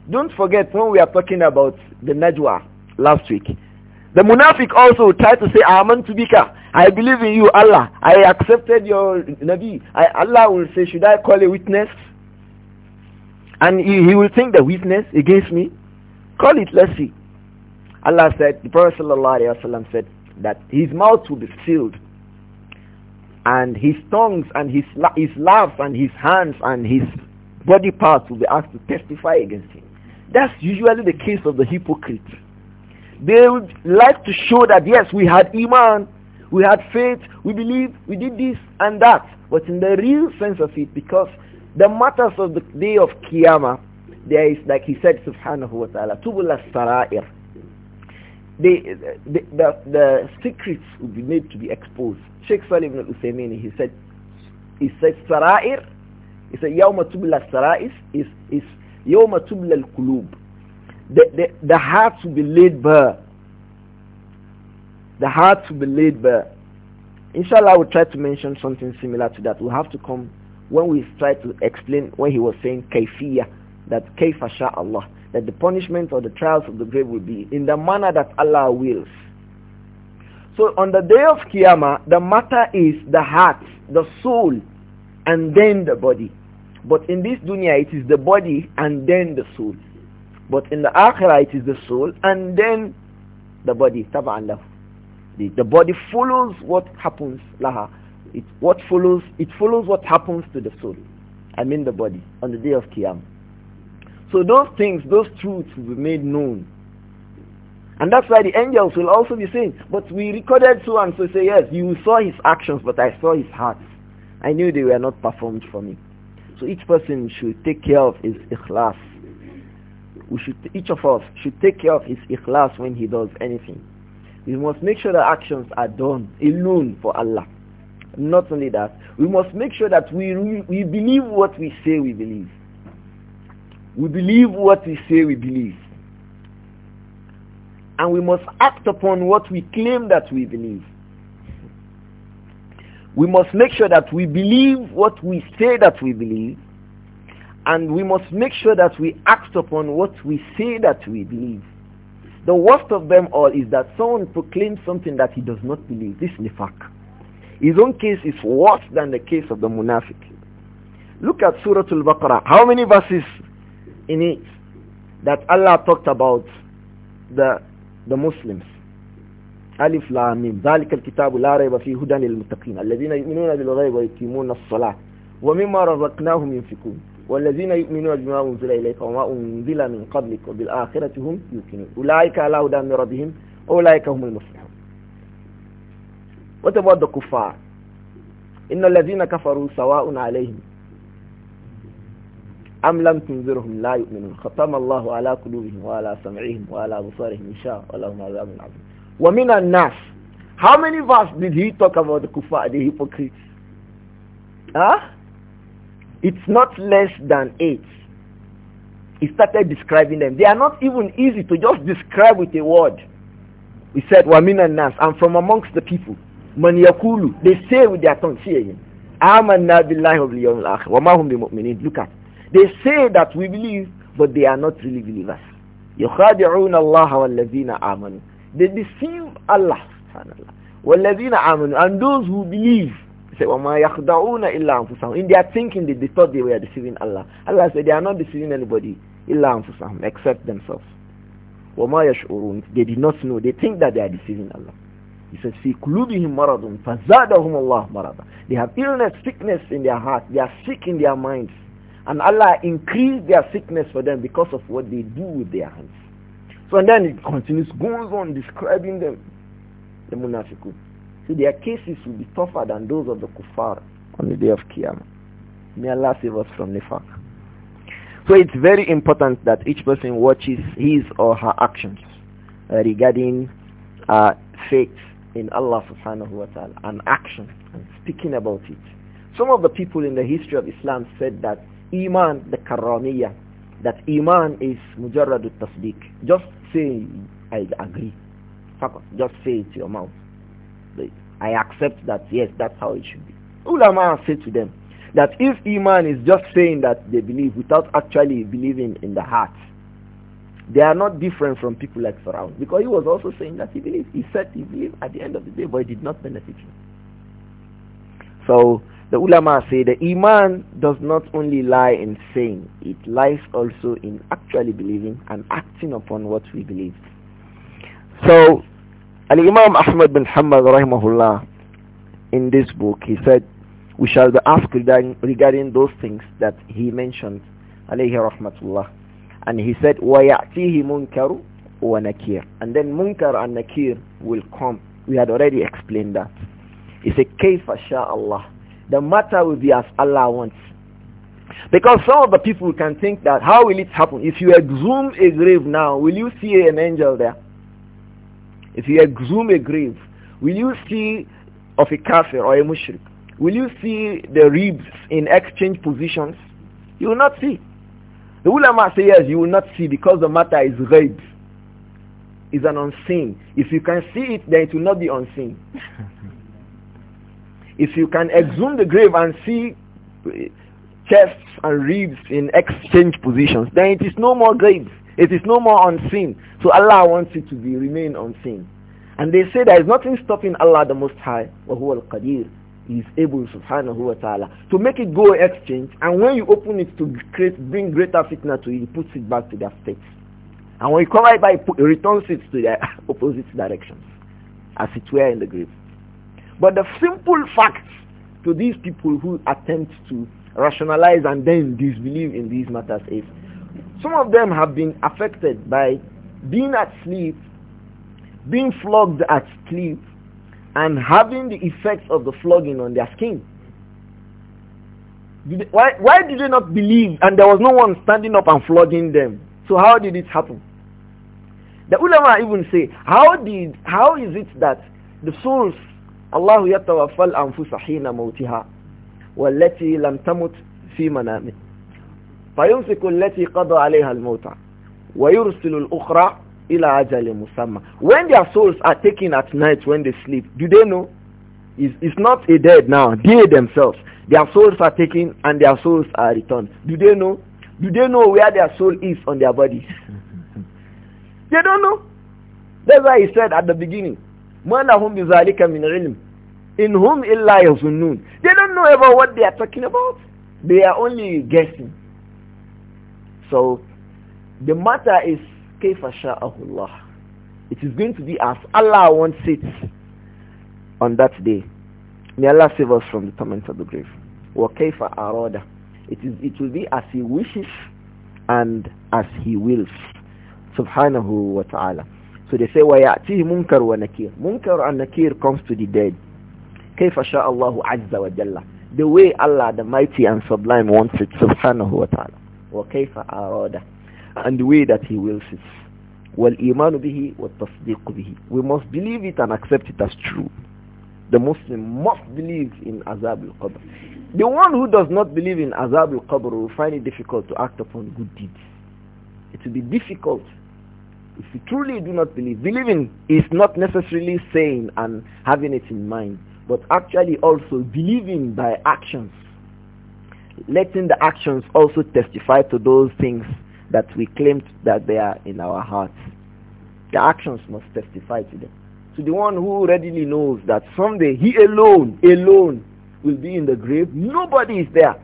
Don't forget when we are talking about the Najwa last week. The Munafiq also tried to say, Aman Tubika, I believe in you, Allah. I accepted your Nabi. I, Allah will say, should I call a witness? And he, he will think the witness against me. Call it, let's see. Allah said, the Prophet ﷺ said that his mouth will be sealed and his tongues and his, his laughs and his hands and his body parts will be asked to testify against him. That's usually the case of the hypocrite. They would like to show that yes, we had iman, we had faith, we believed, we did this and that. But in the real sense of it, because the matters of the day of Qiyamah, there is like he said, subhanahu wa ta'ala, tubul as-sara'ir they, the, the, the, secrets will be made to be exposed. Sheikh Salim al Uthaymeen, he said, he said, Sarair, he said, Yawma tubla sarais is, is Yawma tubla al-kulub. The, the, the hearts will be laid bare. The hearts will be laid bare. Inshallah, we'll try to mention something similar to that. We'll have to come when we try to explain when he was saying kaifiya, that kaifa Allah that the punishment or the trials of the grave will be in the manner that Allah wills. So on the day of Qiyamah, the matter is the heart, the soul, and then the body. But in this dunya, it is the body and then the soul. But in the akhirah, it is the soul and then the body. Taba'an the, the body follows what happens laha. It, what follows, it follows what happens to the soul. I mean the body on the day of Qiyamah. So those things, those truths will be made known. And that's why the angels will also be saying, but we recorded so and so say, yes, you saw his actions, but I saw his heart. I knew they were not performed for me. So each person should take care of his ikhlas. We should, each of us should take care of his ikhlas when he does anything. We must make sure that actions are done alone for Allah. Not only that, we must make sure that we, we believe what we say we believe. We believe what we say we believe. And we must act upon what we claim that we believe. We must make sure that we believe what we say that we believe. And we must make sure that we act upon what we say that we believe. The worst of them all is that someone proclaims something that he does not believe. This is fact. His own case is worse than the case of the munafiq. Look at Surah Al-Baqarah. How many verses in it that Allah talked about the the Muslims ألف لام ميم ذلك الكتاب لا ريب فيه هدى للمتقين الذين يؤمنون بالغيب ويقيمون الصلاة ومما رزقناهم ينفقون والذين يؤمنون بما أنزل إليك وما أنزل من قبلك وبالآخرة هم يوقنون أولئك على هدى من ربهم أولئك هم المفلحون وتبود الكفار إن الذين كفروا سواء عليهم أم لم تنذرهم لا يؤمنون ختم الله على قلوبهم وعلى سمعهم وعلى بصرهم إشاء ولهم عذاب عظيم ومن الناس how many verses did he talk about the kuffar the hypocrites huh it's not less than eight he started describing them they are not even easy to just describe with a word he said ومن الناس and from amongst the people من يقول they say with their tongue see again آمنا بالله وباليوم الآخر وما هم بمؤمنين look at they say that we believe, but they are not really believers. يخادعون الله والذين آمنوا They deceive Allah subhanallah. والذين آمنوا And those who believe say وَمَا يَخْدَعُونَ إِلَّا أَنفُسَهُم In their thinking they, they thought they were deceiving Allah. Allah said they are not deceiving anybody إِلَّا أَنفُسَهُم except themselves. وَمَا يَشْعُرُونَ They did not know. They think that they are deceiving Allah. He says, في قلوبهم مرض فزادهم الله مرضا. They have illness, sickness in their heart. They are sick in their minds. And Allah increased their sickness for them because of what they do with their hands. So and then it continues, goes on describing them, the munafiqun. So their cases will be tougher than those of the kuffar on the day of Qiyamah. May Allah save us from nifaq. So it's very important that each person watches his or her actions uh, regarding uh, faith in Allah subhanahu wa ta'ala and action and speaking about it. Some of the people in the history of Islam said that iman the karamiya that iman is mujarrad tasdik. just say i agree just say it to your mouth i accept that yes that's how it should be ulama say to them that if iman is just saying that they believe without actually believing in the heart they are not different from people like Pharaoh because he was also saying that he believed he said he believed at the end of the day but it did not benefit him so the ulama say the iman does not only lie in saying, it lies also in actually believing and acting upon what we believe. So, Al-Imam Ahmad bin Hamad rahimahullah, in this book, he said, we shall be asked regarding, those things that he mentioned, alayhi rahmatullah. And he said, وَيَعْتِيهِ مُنْكَرُ وَنَكِيرُ And then munkar and nakir will come. We had already explained that. He said, كَيْفَ شَاءَ اللَّهُ the matter will be as Allah wants. Because some of the people can think that how will it happen? If you exhume a grave now, will you see an angel there? If you exhume a grave, will you see of a kafir or a mushrik? Will you see the ribs in exchange positions? You will not see. The ulama say yes, you will not see because the matter is red, It's an unseen. If you can see it, then it will not be unseen. If you can exhume the grave and see chests and ribs in exchange positions, then it is no more grave. It is no more unseen. So Allah wants it to be remain unseen. And they say there is nothing stopping Allah the Most High, وَهُوَ الْقَدِيرُ He is able, subhanahu wa ta'ala, to make it go exchange. And when you open it to create, bring greater fitna to it, he puts it back to their state. And when you cover it by, it returns it to the opposite directions, as it were in the grave. But the simple fact to these people who attempt to rationalize and then disbelieve in these matters is some of them have been affected by being at sleep, being flogged at sleep, and having the effects of the flogging on their skin. They, why, why did they not believe and there was no one standing up and flogging them? So how did it happen? The ulama even say, how did, how is it that the souls الله يتوفى الأنفس حين موتها والتي lam tamut في منامه فيمسك التي alayha عليها wa ويرسل الأخرى ila أجل musamma When their souls are taken at night when they sleep, do they know? Is it's not a dead now, they themselves. Their souls are taken and their souls are returned. Do they know? Do they know where their soul is on their bodies? they don't know. That's why he said at the beginning, ma lahum bi zalika min ilm in hum illa yazunnun they don't know about what they are talking about they are only guessing so the matter is kayfa sha'ahu Allah it is going to be as Allah wants it on that day may Allah save us from the torment of the grave wa kayfa arada it is it will be as he wishes and as he wills subhanahu wa ta'ala so they say, وَيَأْتِهِ munkar wa nakir. Munkar and nakir comes to the dead. كَيْفَ شَاءَ اللَّهُ عَزَّ وَجَلَّ The way Allah, the mighty and sublime, wants it, subhanahu wa ta'ala. وَكَيْفَ أَرَادَ And the way that He wills it. وَالْإِيمَانُ بِهِ وَالتَّصْدِيقُ بِهِ We must believe it and accept it as true. The Muslim must believe in Azab al-Qabr. The one who does not believe in Azab al-Qabr will find it difficult to act upon good deeds. It will be difficult if you truly do not believe, believing is not necessarily saying and having it in mind, but actually also believing by actions. Letting the actions also testify to those things that we claimed that they are in our hearts. The actions must testify to them. To the one who readily knows that someday he alone, alone will be in the grave, nobody is there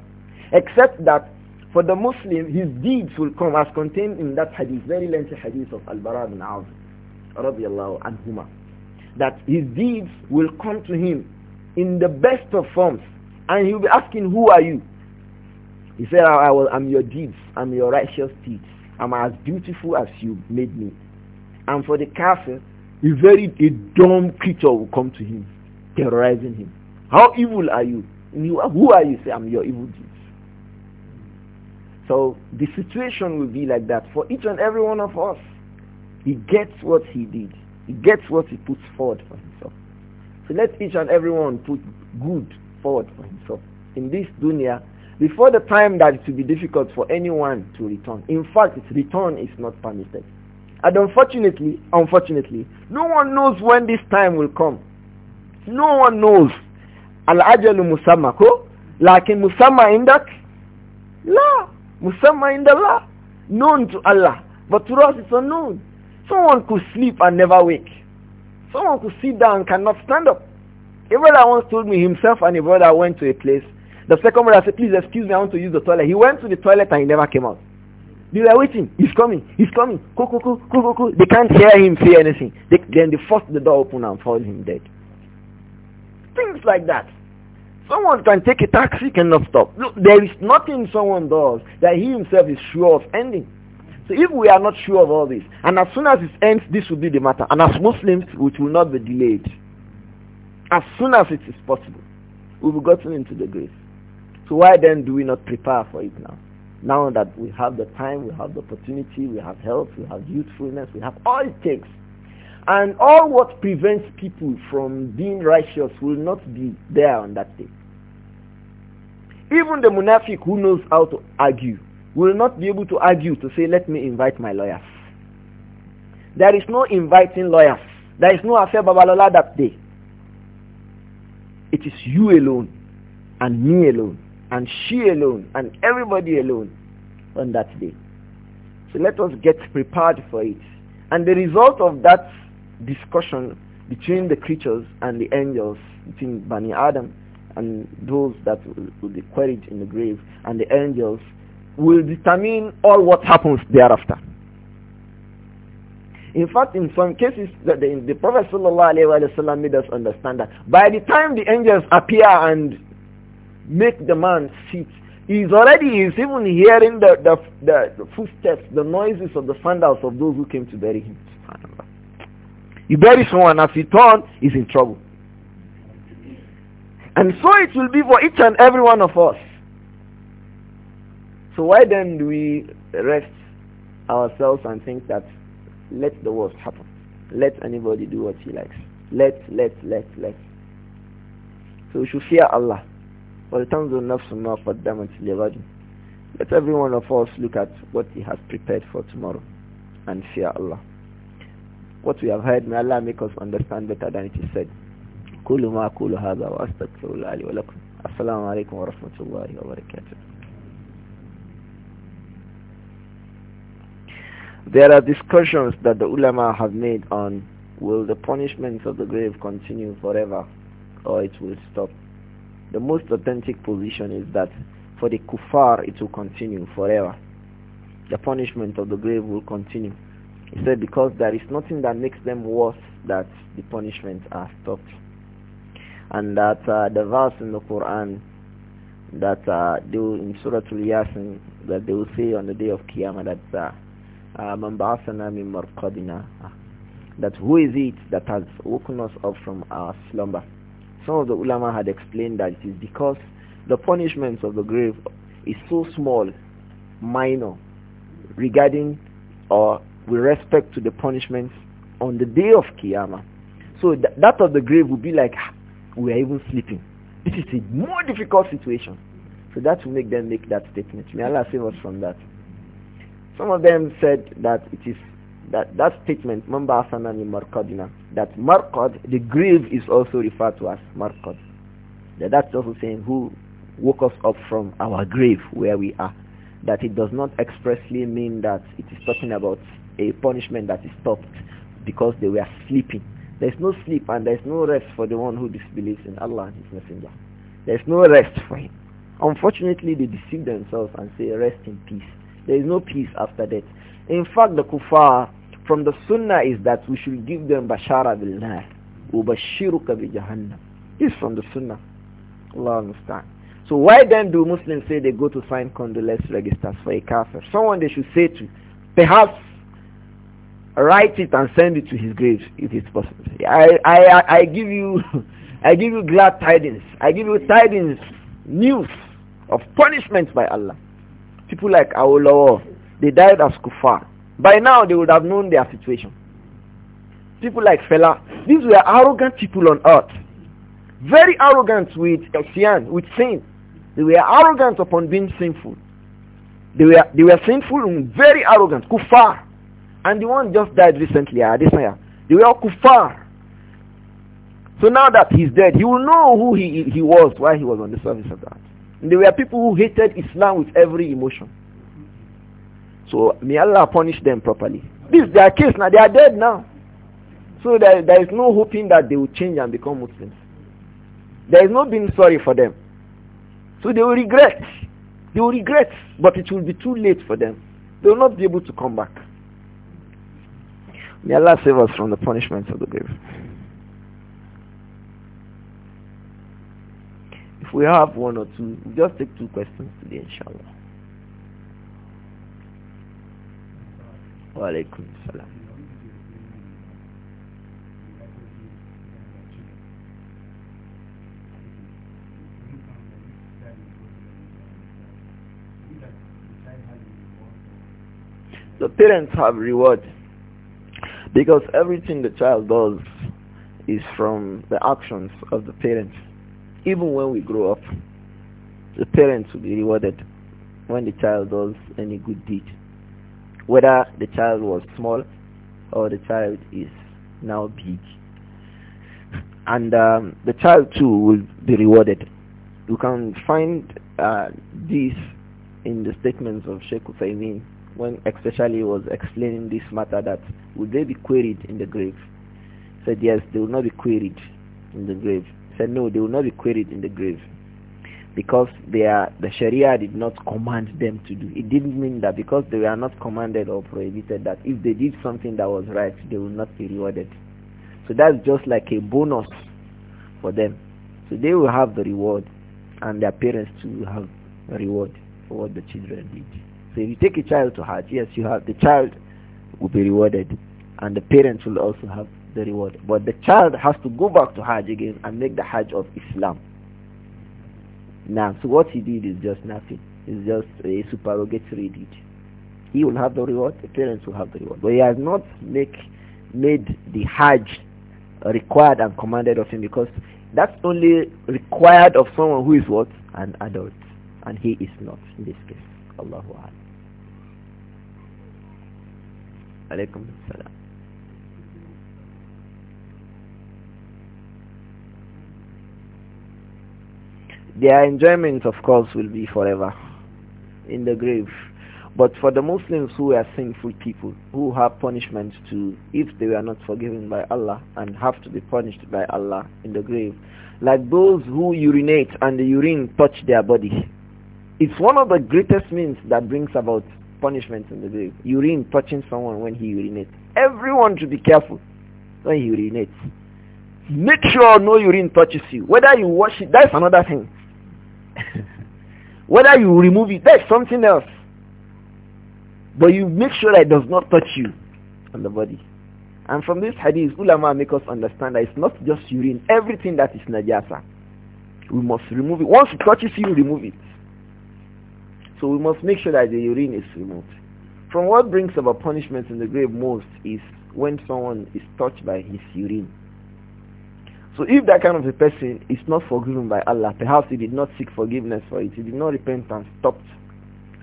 except that for the Muslim, his deeds will come as contained in that hadith, very lengthy hadith of Al-Bara bin Azim, radiallahu anhuma, that his deeds will come to him in the best of forms, and he'll be asking, who are you? He said, I will, I'm your deeds, I'm your righteous deeds, I'm as beautiful as you made me. And for the kafir, a very a dumb creature will come to him, terrorizing him. How evil are you? And you who are you? Say, I'm your evil deeds. So the situation will be like that for each and every one of us. He gets what he did. He gets what he puts forward for himself. So let each and everyone put good forward for himself in this dunya before the time that it will be difficult for anyone to return. In fact, its return is not permitted. And unfortunately, unfortunately, no one knows when this time will come. No one knows. Al-ajalu musamma ko? Lakin musamma indak? La. Musamman in the Allah, known to Allah. But to us it's unknown. Someone could sleep and never wake. Someone could sit down and cannot stand up. A brother once told me himself and a brother went to a place. The second brother said, please excuse me, I want to use the toilet. He went to the toilet and he never came out. They were waiting. He's coming. He's coming. Go, go, go, go, go, go. They can't hear him say anything. They, then they force the door open and found him dead. Things like that. Someone can take a taxi, cannot stop. Look, there is nothing someone does that he himself is sure of ending. So if we are not sure of all this, and as soon as it ends, this will be the matter. And as Muslims, which will not be delayed. As soon as it is possible, we will be gotten into the grace. So why then do we not prepare for it now? Now that we have the time, we have the opportunity, we have health, we have youthfulness, we have all it takes and all what prevents people from being righteous will not be there on that day. Even the munafiq who knows how to argue will not be able to argue to say, let me invite my lawyers. There is no inviting lawyers. There is no affair Babalola that day. It is you alone and me alone and she alone and everybody alone on that day. So let us get prepared for it. And the result of that discussion between the creatures and the angels, between Bani Adam and those that will be buried in the grave and the angels will determine all what happens thereafter. In fact, in some cases, the, the, the Prophet ﷺ made us understand that by the time the angels appear and make the man sit, he's already he's even hearing the, the, the footsteps, the noises of the sandals of those who came to bury him. You bury someone, as he turn, he's in trouble. And so it will be for each and every one of us. So why then do we rest ourselves and think that let the worst happen? Let anybody do what he likes. Let, let, let, let. So we should fear Allah. وَلْتَنْظُرْ نَفْسٌ مَا the لِغَدٍ Let every one of us look at what he has prepared for tomorrow and fear Allah. What we have heard, may Allah make us understand better than it is said. ما أقول هذا وأستغفر الله لي ولكم السلام عليكم الله وبركاته There are discussions that the ulama have made on will the punishments of the grave continue forever or it will stop. The most authentic position is that for the kuffar it will continue forever. The punishment of the grave will continue. He said, because there is nothing that makes them worse that the punishments are stopped. And that uh, the verse in the Quran that uh, they will, in Surah Al-Yasin that they will say on the day of Qiyamah that uh, uh that who is it that has woken us up from our slumber. Some of the ulama had explained that it is because the punishments of the grave is so small, minor, regarding or with respect to the punishments on the day of Kiyama. So th that of the grave will be like, ah, we are even sleeping. This is a more difficult situation. So that will make them make that statement. May Allah save us from that. Some of them said that it is that that statement, Mamba Asanani Markodina that Markod the grave is also referred to as Markod. That that's also saying who woke us up from our grave where we are. That it does not expressly mean that it is talking about a punishment that is stopped because they were sleeping. There is no sleep and there is no rest for the one who disbelieves in Allah and His Messenger. There is no rest for him. Unfortunately, they deceive themselves and say, rest in peace. There is no peace after death. In fact, the kuffar, from the sunnah is that we should give them bashara bil nar. Ubashiruka bi jahannam. This is from the sunnah. Allah understand. So why then do Muslims say they go to sign condolence registers for a kafir? Someone they should say to. Perhaps write it and send it to his grave if it's possible. I, I, I give you, I give you glad tidings. I give you tidings, news of punishment by Allah. People like Awolowo, they died as kuffar. By now they would have known their situation. People like Fela, these were arrogant people on earth. Very arrogant with sin, with sin. They were arrogant upon being sinful. They were, they were sinful and very arrogant, kuffar. And the one just died recently, ah, Adesanya. They were all kuffar. So now that he's dead, he will know who he, he was while he was on the service of that. And there were people who hated Islam with every emotion. So may Allah punish them properly. This is their case now. They are dead now. So there, there is no hoping that they will change and become Muslims. There is no being sorry for them. So they will regret. They will regret, but it will be too late for them. They will not be able to come back. May Allah save us from the punishments of the grave. If we have one or two, we just take two questions today, inshallah. Wa salam. The parents have rewards because everything the child does is from the actions of the parents. Even when we grow up, the parents will be rewarded when the child does any good deed. Whether the child was small or the child is now big. And um, the child too will be rewarded. You can find uh, this in the statements of Sheikh Uthaymeen when especially was explaining this matter that would they be queried in the grave? said yes, they will not be queried in the grave. said no, they will not be queried in the grave because they are, the Sharia did not command them to do. It didn't mean that because they were not commanded or prohibited that if they did something that was right, they will not be rewarded. So that's just like a bonus for them. So they will have the reward and their parents too will have a reward for what the children did. So if you take a child to Hajj, yes, you have the child will be rewarded and the parents will also have the reward. But the child has to go back to Hajj again and make the Hajj of Islam. Now, so what he did is just nothing. It's just a supererogatory deed. He will have the reward, the parents will have the reward. But he has not make, made the Hajj required and commanded of him because that's only required of someone who is what? An adult. And he is not in this case. Allahu Akbar. عليكم السلام Their enjoyment, of course, will be forever in the grave. But for the Muslims who are sinful people, who have punishment to, if they were not forgiven by Allah and have to be punished by Allah in the grave, like those who urinate and the urine touch their body, it's one of the greatest means that brings about punishment in the grave. Urine touching someone when he urinates. Everyone should be careful when he urinates. Make sure no urine touches you. Whether you wash it, that's another thing. Whether you remove it, that's something else. But you make sure that it does not touch you on the body. And from this hadith, ulama make us understand that it's not just urine. Everything that is najasa, we must remove it. Once it touches you, remove it. So we must make sure that the urine is removed. From what brings about punishment in the grave most is when someone is touched by his urine. So if that kind of a person is not forgiven by Allah, perhaps he did not seek forgiveness for it, he did not repent and stopped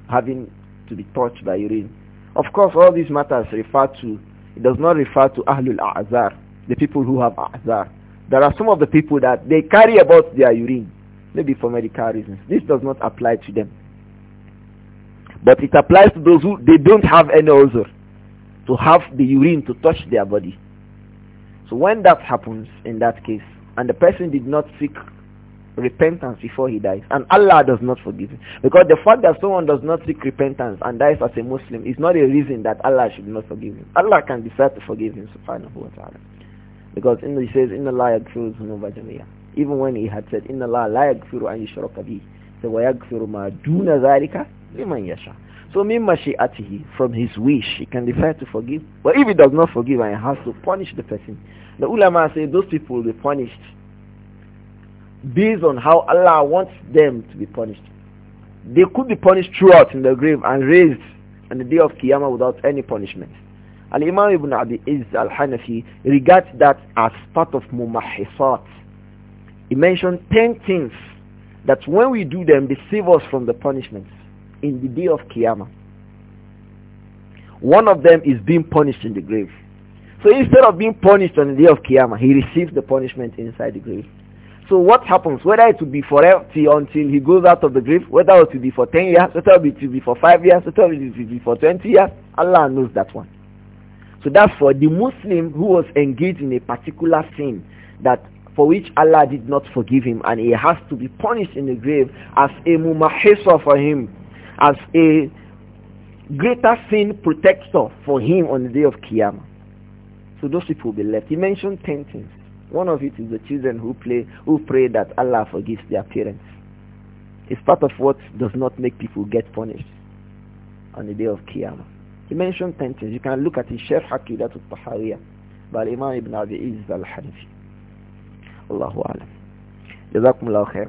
having to be touched by urine. Of course, all these matters refer to, it does not refer to Ahlul A'zar, the people who have A'zar. There are some of the people that they carry about their urine, maybe for medical reasons. This does not apply to them. But it applies to those who they don't have any uzur to have the urine to touch their body. So when that happens in that case, and the person did not seek repentance before he dies, and Allah does not forgive him. Because the fact that someone does not seek repentance and dies as a Muslim is not a reason that Allah should not forgive him. Allah can decide to forgive him, subhanahu wa ta'ala. Because in, he says, Inna Allah yagfiru zunuba jamia. Even when he had said, Inna Allah la yagfiru an yushraka bih. So, wa yagfiru ma duna Liman yasha. So min mashi'atihi, from his wish, he can decide to forgive. But if he does not forgive and he has to punish the person, the ulama say those people will be punished based on how Allah wants them to be punished. They could be punished throughout in the grave and raised on the day of Qiyamah without any punishment. Al-Imam Ibn Abi Iz Al-Hanafi regards that as part of mumahisat. He mentioned 10 things that when we do them, they save us from the punishments in the day of Qiyamah. One of them is being punished in the grave. So instead of being punished on the day of Qiyamah, he receives the punishment inside the grave. So what happens, whether it will be forever until he goes out of the grave, whether it will be for 10 years, whether it will be for 5 years, whether it will be for 20 years, Allah knows that one. So for the Muslim who was engaged in a particular sin that for which Allah did not forgive him and he has to be punished in the grave as a mumahiswa for him as a greater sin protector for him on the day of Qiyamah. So those people will be left. He mentioned ten things. One of it is the children who play who pray that Allah forgives their parents. It's part of what does not make people get punished on the day of Qiyamah. He mentioned ten things. You can look at his Sheikh Aqidat al-Tahawiyah by Imam Ibn Abi Izz al-Hanafi. Allahu Alam. جزاكم الله خير